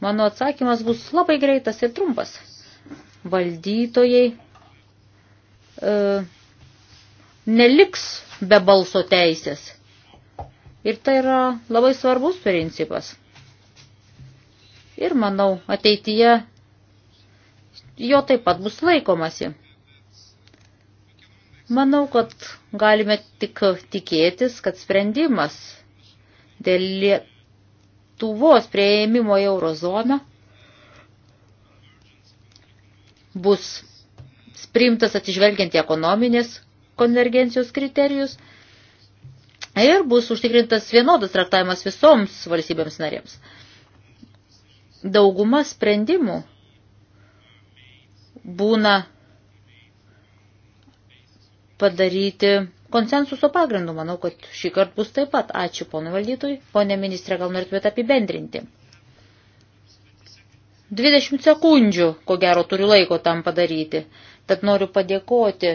Mano atsakymas bus labai greitas ir trumpas. Valdytojai e, neliks be balso teisės. Ir tai yra labai svarbus principas. Ir manau, ateityje jo taip pat bus laikomasi. Manau, kad galime tik tikėtis, kad sprendimas dėl Lietuvos prieimimo į eurozoną bus priimtas atsižvelgiant į ekonominės konvergencijos kriterijus ir bus užtikrintas vienodas traktavimas visoms valstybėms narėms. Dauguma sprendimų būna padaryti konsensuso pagrindu. Manau, kad šį kartą bus taip pat. Ačiū ponui valdytojui. Pone ministrė, gal norėtumėte apibendrinti? 20 sekundžių, ko gero, turiu laiko tam padaryti. Tad noriu padėkoti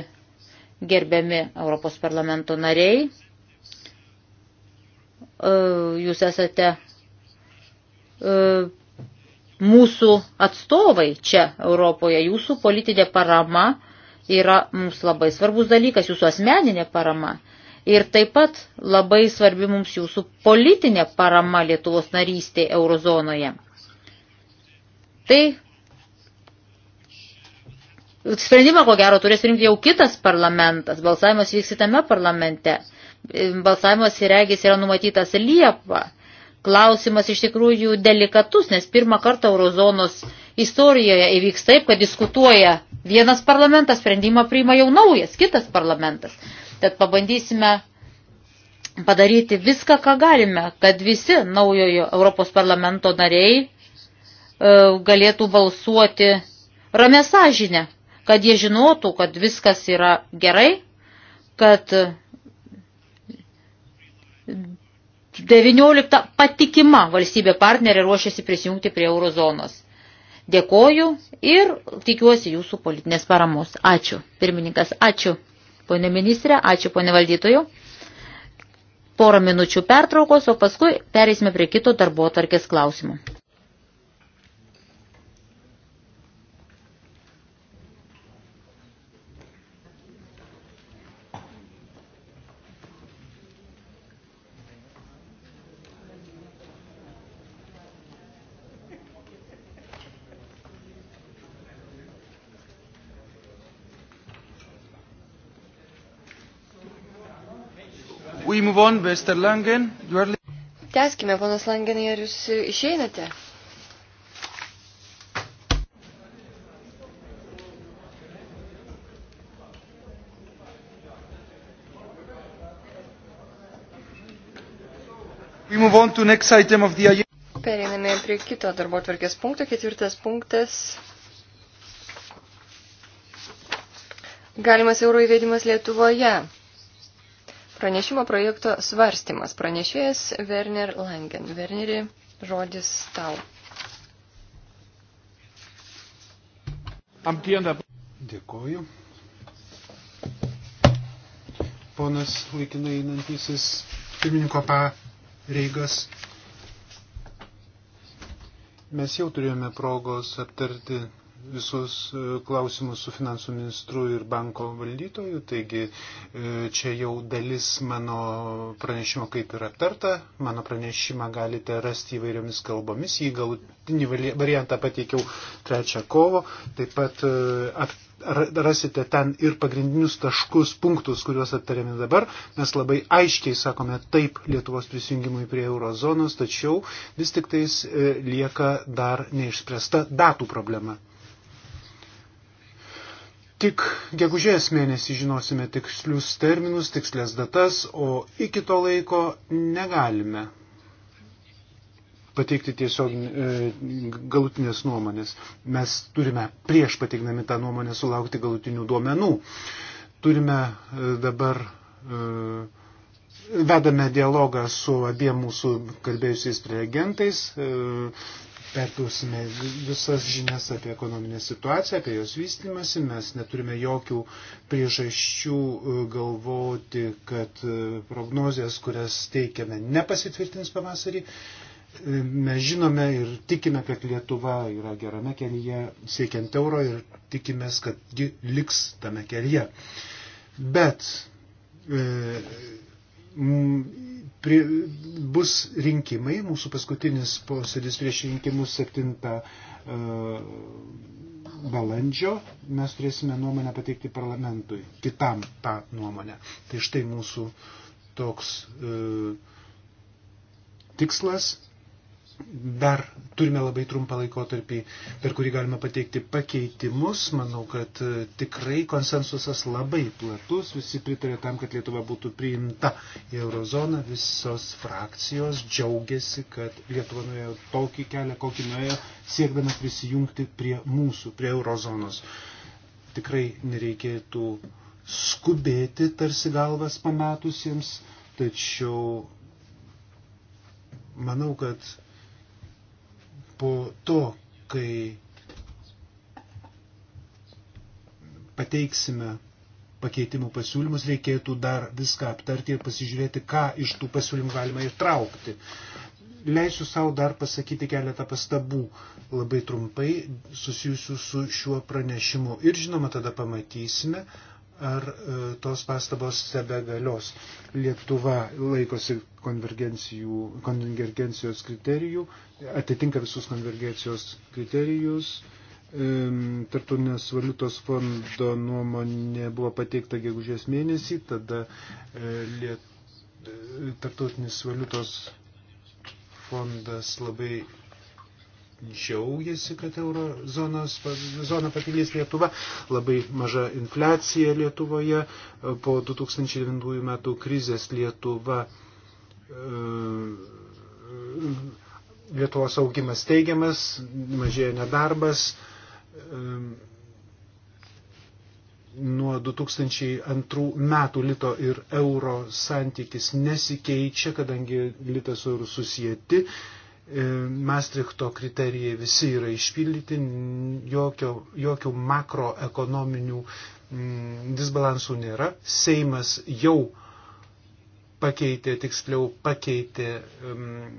gerbiami Europos parlamento nariai. E, jūs esate e, mūsų atstovai čia Europoje. Jūsų politinė parama yra mums labai svarbus dalykas, jūsų asmeninė parama. Ir taip pat labai svarbi mums jūsų politinė parama Lietuvos narystė eurozonoje. Tai sprendimą, ko gero, turės rinkti jau kitas parlamentas. Balsavimas vyks tame parlamente. Balsavimas įregis yra numatytas Liepą. Klausimas iš tikrųjų delikatus, nes pirmą kartą eurozonos istorijoje įvyks taip, kad diskutuoja vienas parlamentas, sprendimą priima jau naujas, kitas parlamentas. Tad pabandysime padaryti viską, ką galime, kad visi naujojo Europos parlamento nariai e, galėtų balsuoti ramę sąžinę, kad jie žinotų, kad viskas yra gerai, kad 19 patikima valstybė partnerė ruošiasi prisijungti prie eurozonos. Dėkoju ir tikiuosi jūsų politinės paramos. Ačiū. Pirmininkas, ačiū. Pone ministrė, ačiū pone valdytojų. Porą minučių pertraukos, o paskui pereisime prie kito darbo tarkės klausimų. we move on, Mr. Langen? You are... Teskime, ponas Langenai, ar jūs išeinate? The... Pereiname prie kito darbo tvarkės punkto. Ketvirtas punktas. Galimas euro įvedimas Lietuvoje. Pranešimo projekto svarstymas. Pranešėjas Werner Langen. Werneri, žodis tau. Dėkoju. Ponas laikinai einantisis pirmininko pareigas. Mes jau turėjome progos aptarti visus e, klausimus su finansų ministru ir banko valdytoju, taigi e, čia jau dalis mano pranešimo kaip ir aptarta. Mano pranešimą galite rasti įvairiomis kalbomis, jį galutinį variantą pateikiau 3 kovo. Taip pat e, rasite ten ir pagrindinius taškus, punktus, kuriuos aptarėme dabar. Mes labai aiškiai sakome taip Lietuvos prisijungimui prie eurozonos, tačiau vis tik tais lieka dar neišspręsta datų problema. Tik gegužės mėnesį žinosime tikslius terminus, tikslės datas, o iki to laiko negalime pateikti tiesiog e, galutinės nuomonės. Mes turime prieš pateikdami tą nuomonę sulaukti galutinių duomenų. Turime e, dabar e, vedame dialogą su abiem mūsų kalbėjusiais prelegentais, e, perklausime visas žinias apie ekonominę situaciją, apie jos vystimąsi. Mes neturime jokių priežasčių e, galvoti, kad e, prognozijas, kurias teikiame, nepasitvirtins pavasarį. E, mes žinome ir tikime, kad Lietuva yra gerame kelyje, siekiant euro ir tikimės, kad ji liks tame kelyje. Bet e, m, pri, bus rinkimai, mūsų paskutinis posėdis prieš rinkimus 7 e, balandžio, mes turėsime nuomonę pateikti parlamentui, kitam tą nuomonę. Tai štai mūsų toks e, tikslas dar turime labai trumpą laikotarpį, per kurį galima pateikti pakeitimus. Manau, kad e, tikrai konsensusas labai platus. Visi pritarė tam, kad Lietuva būtų priimta į eurozoną. Visos frakcijos džiaugiasi, kad Lietuva nuėjo tokį kelią, kokį nuėjo, siekdama prisijungti prie mūsų, prie eurozonos. Tikrai nereikėtų skubėti tarsi galvas pametusiems, tačiau manau, kad po to, kai pateiksime pakeitimų pasiūlymus, reikėtų dar viską aptarti ir pasižiūrėti, ką iš tų pasiūlymų galima įtraukti. Leisiu savo dar pasakyti keletą pastabų labai trumpai susijusių su šiuo pranešimu. Ir žinoma, tada pamatysime, ar e, tos pastabos tebegalios. Lietuva laikosi konvergencijos kriterijų, atitinka visus konvergencijos kriterijus. Tartunės valiutos fondo nuomonė buvo pateikta gegužės mėnesį, tada e, Liet... E, Tartutinis valiutos fondas labai džiaugiasi, kad eurozonos zoną papildys Lietuva. Labai maža infliacija Lietuvoje. Po 2009 metų krizės Lietuva. E, Lietuvos augimas teigiamas, mažėja nedarbas. E, nuo 2002 metų lito ir euro santykis nesikeičia, kadangi litas su eurų susijęti. E, Maastrichto kriterijai visi yra išpildyti, jokio, jokių makroekonominių mm, disbalansų nėra. Seimas jau pakeitė, tiksliau pakeitė mm,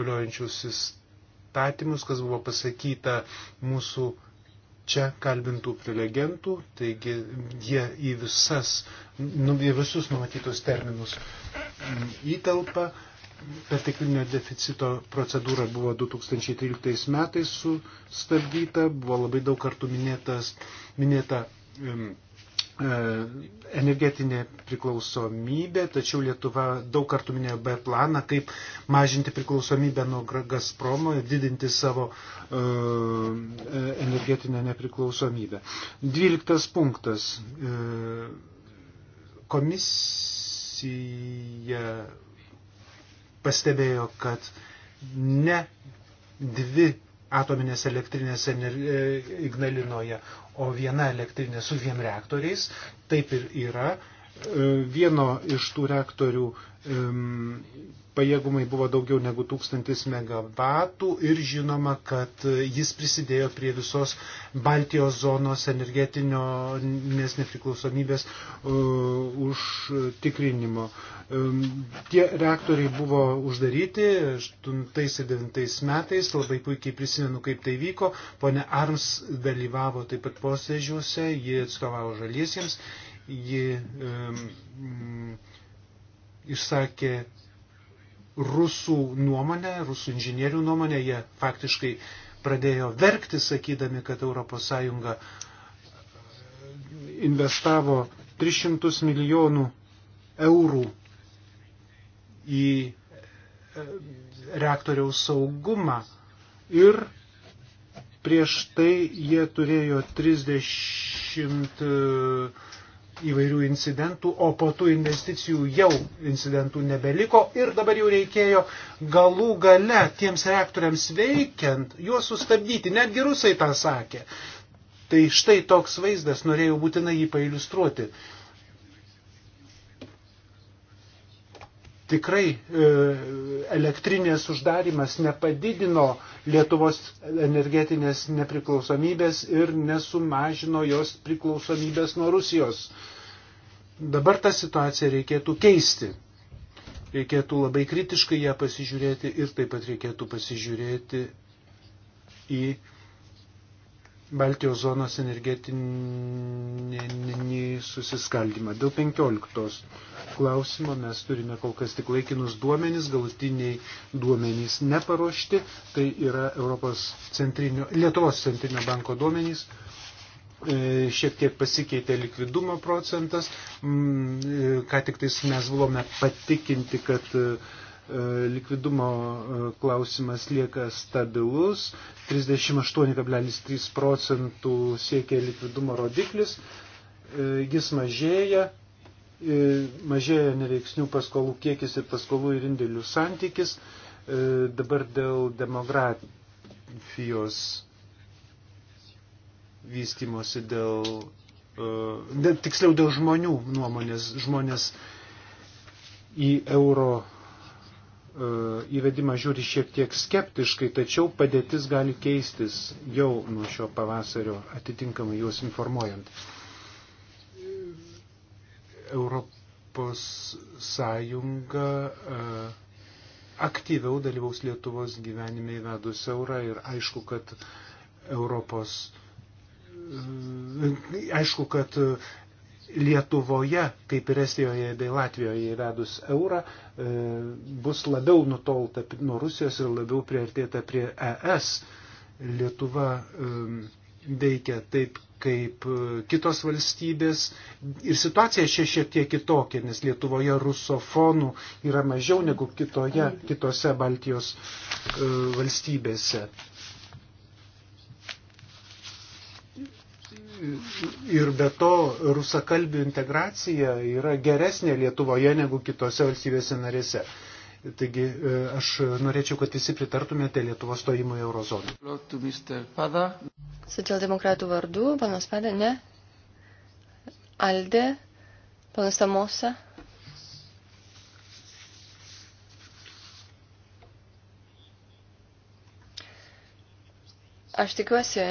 galiojančius įstatymus, kas buvo pasakyta mūsų čia kalbintų prelegentų, taigi jie į, visas, nu, į visus numatytus terminus įtelpa. Mm, perteklinio deficito procedūra buvo 2013 metais sustabdyta, buvo labai daug kartų minėtas, minėta um, energetinė priklausomybė, tačiau Lietuva daug kartų minėjo B planą, kaip mažinti priklausomybę nuo Gazpromo ir didinti savo uh, energetinę nepriklausomybę. Dvyliktas punktas. Uh, komisija pastebėjo, kad ne dvi atominės elektrinės e, Ignalinoje, o viena elektrinė su dviem reaktoriais, taip ir yra, E, vieno iš tų reaktorių pajėgumai buvo daugiau negu 1000 MW ir žinoma, kad jis prisidėjo prie visos Baltijos zonos energetinio nes nepriklausomybės e, užtikrinimo. Tie reaktoriai buvo uždaryti 8 ir 9 metais, labai puikiai prisimenu, kaip tai vyko. Pone Arms dalyvavo taip pat posėdžiuose, ji atstovavo žaliesiems ji um, išsakė rusų nuomonę, rusų inžinierių nuomonę, jie faktiškai pradėjo verkti, sakydami, kad ES investavo 300 milijonų eurų į reaktoriaus saugumą ir prieš tai jie turėjo 30 įvairių incidentų, o po tų investicijų jau incidentų nebeliko ir dabar jau reikėjo galų gale tiems reaktoriams veikiant juos sustabdyti. Netgi rusai tą sakė. Tai štai toks vaizdas, norėjau būtinai jį pailustruoti. tikrai e, elektrinės uždarimas nepadidino Lietuvos energetinės nepriklausomybės ir nesumažino jos priklausomybės nuo Rusijos. Dabar tą situaciją reikėtų keisti. Reikėtų labai kritiškai ją pasižiūrėti ir taip pat reikėtų pasižiūrėti į Baltijos zonos energetinį susiskaldimą. Dėl 15 klausimo mes turime kol kas tik laikinus duomenys, galutiniai duomenys neparuošti. Tai yra Europos centrinio, Lietuvos centrinio banko duomenys. E, šiek tiek pasikeitė likvidumo procentas. Mm, e, ką tik tais mes buvome patikinti, kad E, likvidumo e, klausimas lieka stabilus, 38,3 procentų siekia likvidumo rodiklis, e, jis mažėja, mažėja neveiksnių paskolų kiekis ir paskolų ir indėlių santykis, dabar dėl demografijos vystimosi dėl, tiksliau dėl žmonių nuomonės, žmonės į euro E, įvedimą žiūri šiek tiek skeptiškai, tačiau padėtis gali keistis jau nuo šio pavasario atitinkamai juos informuojant. Europos Sąjunga e, aktyviau dalyvaus Lietuvos gyvenime įvedus eurą ir aišku, kad Europos e, Aišku, kad Lietuvoje, kaip ir Estijoje bei Latvijoje įvedus eurą, e, bus labiau nutolta nuo Rusijos ir labiau priartėta prie ES. Lietuva e, veikia taip, kaip e, kitos valstybės. Ir situacija čia šiek tiek kitokia, nes Lietuvoje rusofonų yra mažiau negu kitoje, kitose Baltijos valstybėse. ir be to rusakalbių integracija yra geresnė Lietuvoje negu kitose valstybėse narėse. Taigi e, aš norėčiau, kad visi pritartumėte Lietuvos stojimui į Eurozoną. Socialdemokratų vardu, panas Pada, ne? Alde, panas Tamosa. Aš tikiuosi,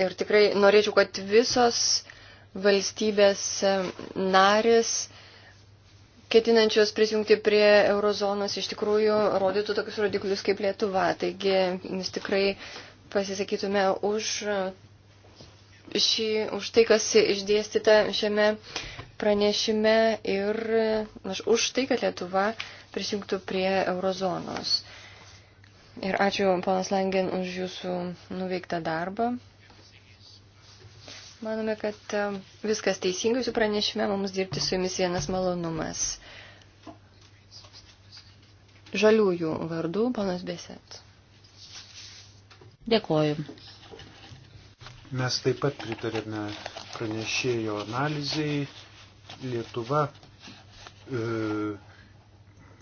Ir tikrai norėčiau, kad visos valstybės narės ketinančios prisijungti prie eurozonos iš tikrųjų rodytų tokius rodiklius kaip Lietuva. Taigi mes tikrai pasisakytume už, šį, už tai, kas išdėstyta šiame pranešime ir aš, už tai, kad Lietuva prisijungtų prie eurozonos. Ir ačiū, ponas Langin, už jūsų nuveiktą darbą. Manome, kad viskas teisingai su pranešime, mums dirbti su jumis vienas malonumas. Žaliųjų vardų, panas Beset. Dėkoju. Mes taip pat pritarėme pranešėjo analizai. Lietuva e,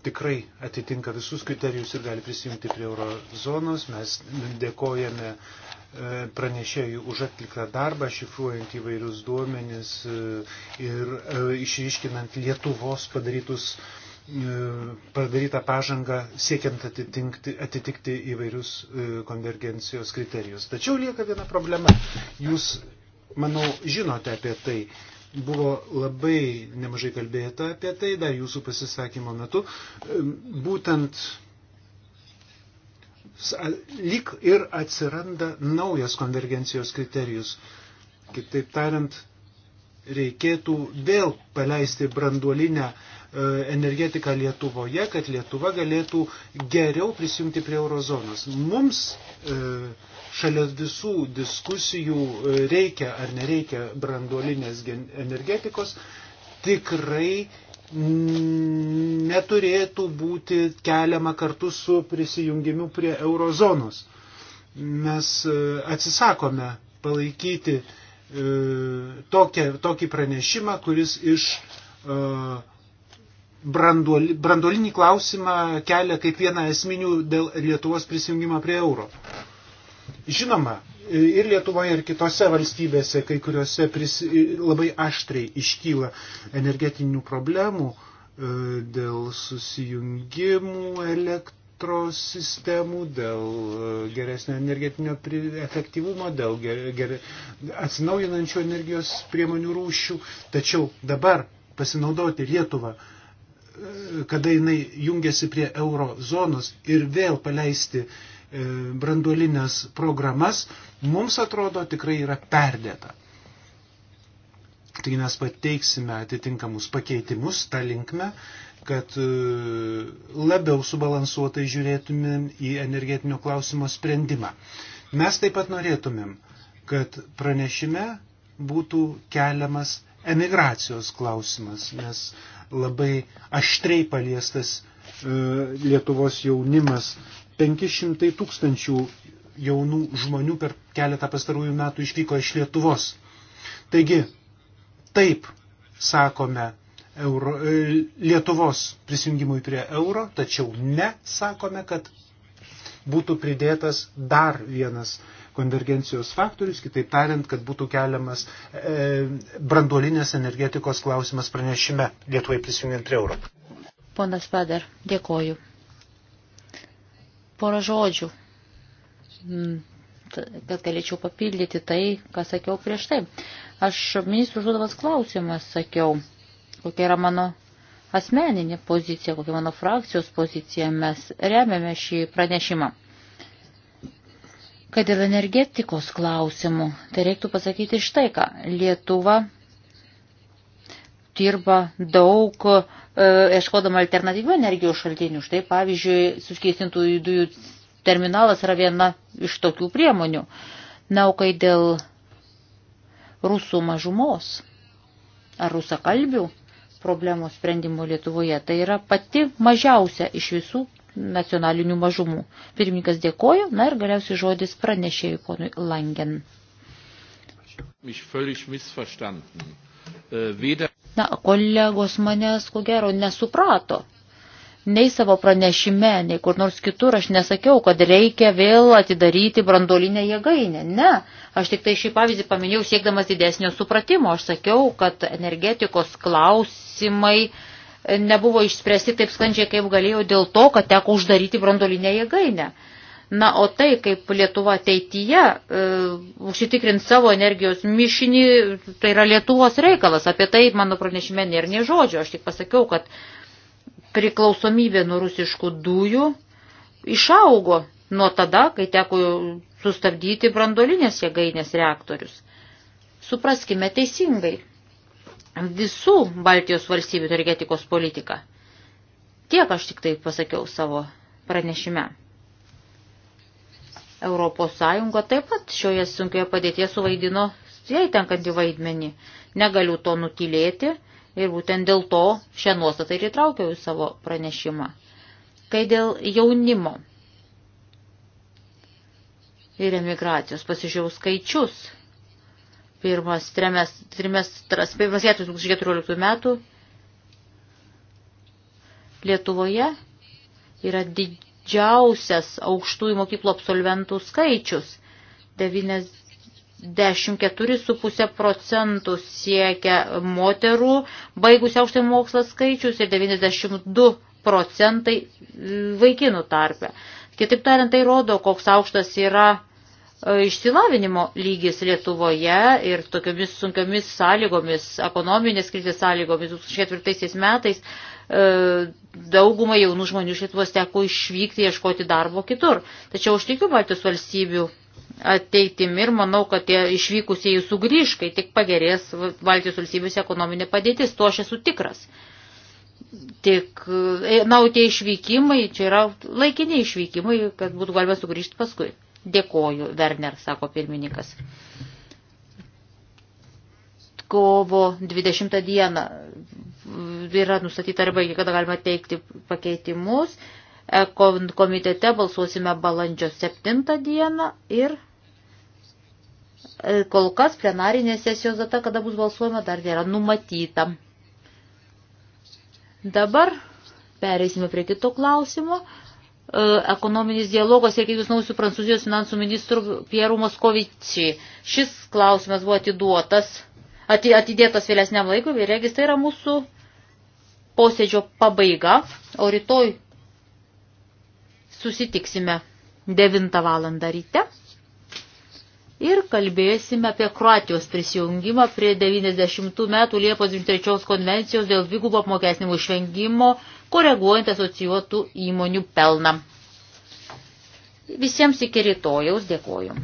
tikrai atitinka visus kriterijus ir gali prisijungti prie eurozonos. Mes dėkojame e, E, pranešėjų už atliktą darbą, šifruojant įvairius duomenis e, ir e, išryškinant Lietuvos padarytus padarytą pažangą siekiant atitinkti, atitikti įvairius konvergencijos kriterijus. Tačiau lieka viena problema. Jūs, manau, žinote apie tai. Buvo labai nemažai kalbėta apie tai dar jūsų pasisakymo metu. Būtent lyg ir atsiranda naujas konvergencijos kriterijus. Kitaip tariant, reikėtų vėl paleisti branduolinę e, energetiką Lietuvoje, kad Lietuva galėtų geriau prisijungti prie eurozonos. Mums e, šalia visų diskusijų e, reikia ar nereikia branduolinės energetikos, tikrai Mm, neturėtų būti keliama kartu su prisijungimu prie eurozonos. Mes e, atsisakome palaikyti e, tokią, tokį pranešimą, kuris iš e, branduoli, branduolinį klausimą kelia kaip vieną esminių dėl Lietuvos prisijungimo prie euro. Žinoma, ir Lietuvoje, ir kitose valstybėse, kai kuriuose pris, labai aštriai iškyla energetinių problemų e, dėl susijungimų elektros sistemų, dėl e, geresnio energetinio efektyvumo, dėl ger, ger, atsinaujinančių energijos priemonių rūšių. Tačiau dabar pasinaudoti Lietuvą, e, kada jinai jungiasi prie euro zonos ir vėl paleisti uh, E, branduolinės programas, mums atrodo tikrai yra perdėta. Taigi mes pateiksime atitinkamus pakeitimus tą linkmę, kad e, labiau subalansuotai žiūrėtumėm į energetinio klausimo sprendimą. Mes taip pat norėtumėm, kad pranešime būtų keliamas emigracijos klausimas, nes labai aštrei paliestas e, Lietuvos jaunimas 500 tūkstančių jaunų žmonių per keletą pastarųjų metų išvyko iš Lietuvos. Taigi, taip sakome euro, e, Lietuvos prisijungimui prie euro, tačiau ne sakome, kad būtų pridėtas dar vienas konvergencijos faktorius, kitaip tariant, kad būtų keliamas e, branduolinės energetikos klausimas pranešime Lietuvai prisijungiant prie euro. Ponas Padar, dėkoju. Porą žodžių, mm, kad galėčiau papildyti tai, ką sakiau prieš tai. Aš ministrų žudomas klausimas sakiau, kokia yra mano asmeninė pozicija, kokia mano frakcijos pozicija. Mes remiame šį pranešimą. Kad dėl energetikos klausimų, tai reiktų pasakyti štai ką. Lietuva dirba daug E, ieškodama alternatyvių energijos šaltinių. Štai pavyzdžiui, suskėstintųjų dujų terminalas yra viena iš tokių priemonių. Na, o kai dėl rusų mažumos ar rusakalbių problemų sprendimo Lietuvoje, tai yra pati mažiausia iš visų nacionalinių mažumų. Pirmininkas dėkoju, na ir galiausiai žodis pranešėjai ponui Langen. Mich völlig missverstanden. Äh, weder Na, kolegos manęs, ko gero, nesuprato. Nei savo pranešime, nei kur nors kitur aš nesakiau, kad reikia vėl atidaryti brandolinę jėgainę. Ne, aš tik tai šį pavyzdį paminėjau siekdamas didesnio supratimo. Aš sakiau, kad energetikos klausimai nebuvo išspręsti taip sklandžiai, kaip galėjo dėl to, kad teko uždaryti brandolinę jėgainę. Uh, Na, o tai, kaip Lietuva ateityje e, užsitikrint savo energijos mišinį, tai yra Lietuvos reikalas. Apie tai mano pranešime nėra nei žodžio. Aš tik pasakiau, kad priklausomybė nuo rusiškų dujų išaugo nuo tada, kai teko sustabdyti brandolinės jėgainės reaktorius. Supraskime teisingai visų Baltijos valstybių energetikos politiką. Tiek aš tik tai pasakiau savo pranešime. Europos Sąjunga taip pat šioje sunkioje padėtėje suvaidino jai tenkantį vaidmenį. Negaliu to nutilėti ir būtent dėl to šią nuostatą ir įtraukiau į savo pranešimą. Kai dėl jaunimo ir emigracijos pasižiūrėjau skaičius, pirmas trimestras, pirmas vietos 2014 metų Lietuvoje yra didžiulis didžiausias aukštųjų mokyklų absolventų skaičius. 94,5 procentų siekia moterų baigusių aukštąjį mokslą skaičius ir 92 procentai vaikinų tarpe. Kitaip tariant, tai rodo, koks aukštas yra E, išsilavinimo lygis Lietuvoje ir tokiomis sunkiomis sąlygomis, ekonominės krizės sąlygomis 2004 metais e, daugumą jaunų žmonių iš Lietuvos teko išvykti, ieškoti darbo kitur. Tačiau aš tikiu Baltijos valstybių ateitimi ir manau, kad tie išvykusieji sugrįž, kai tik pagerės Baltijos valstybės ekonominė padėtis, tuo aš esu tikras. Tik, e, na, tie išvykimai, čia yra laikiniai išvykimai, kad būtų galima sugrįžti paskui. Dėkoju, Werner, sako pirmininkas. Kovo 20 dieną yra nustatyta arba iki kada galima teikti pakeitimus. Komitete balsuosime balandžio 7 dieną ir e, kol kas plenarinė sesijos data, kada bus balsuojama, dar nėra numatyta. Dabar pereisime prie kito klausimo. E, ekonominis dialogas ir kitus nausių prancūzijos finansų ministrų Pieru Moskovičiai. Šis klausimas buvo atiduotas, atidėtas vėlesniam laikui, ir regis tai yra mūsų posėdžio pabaiga, o rytoj susitiksime 9 valandą ryte ir kalbėsime apie Kroatijos prisijungimą prie 90 metų Liepos 23 konvencijos dėl dvigubo apmokesnimo išvengimo koreguojant asocijuotų įmonių pelną. Visiems iki rytojaus dėkoju.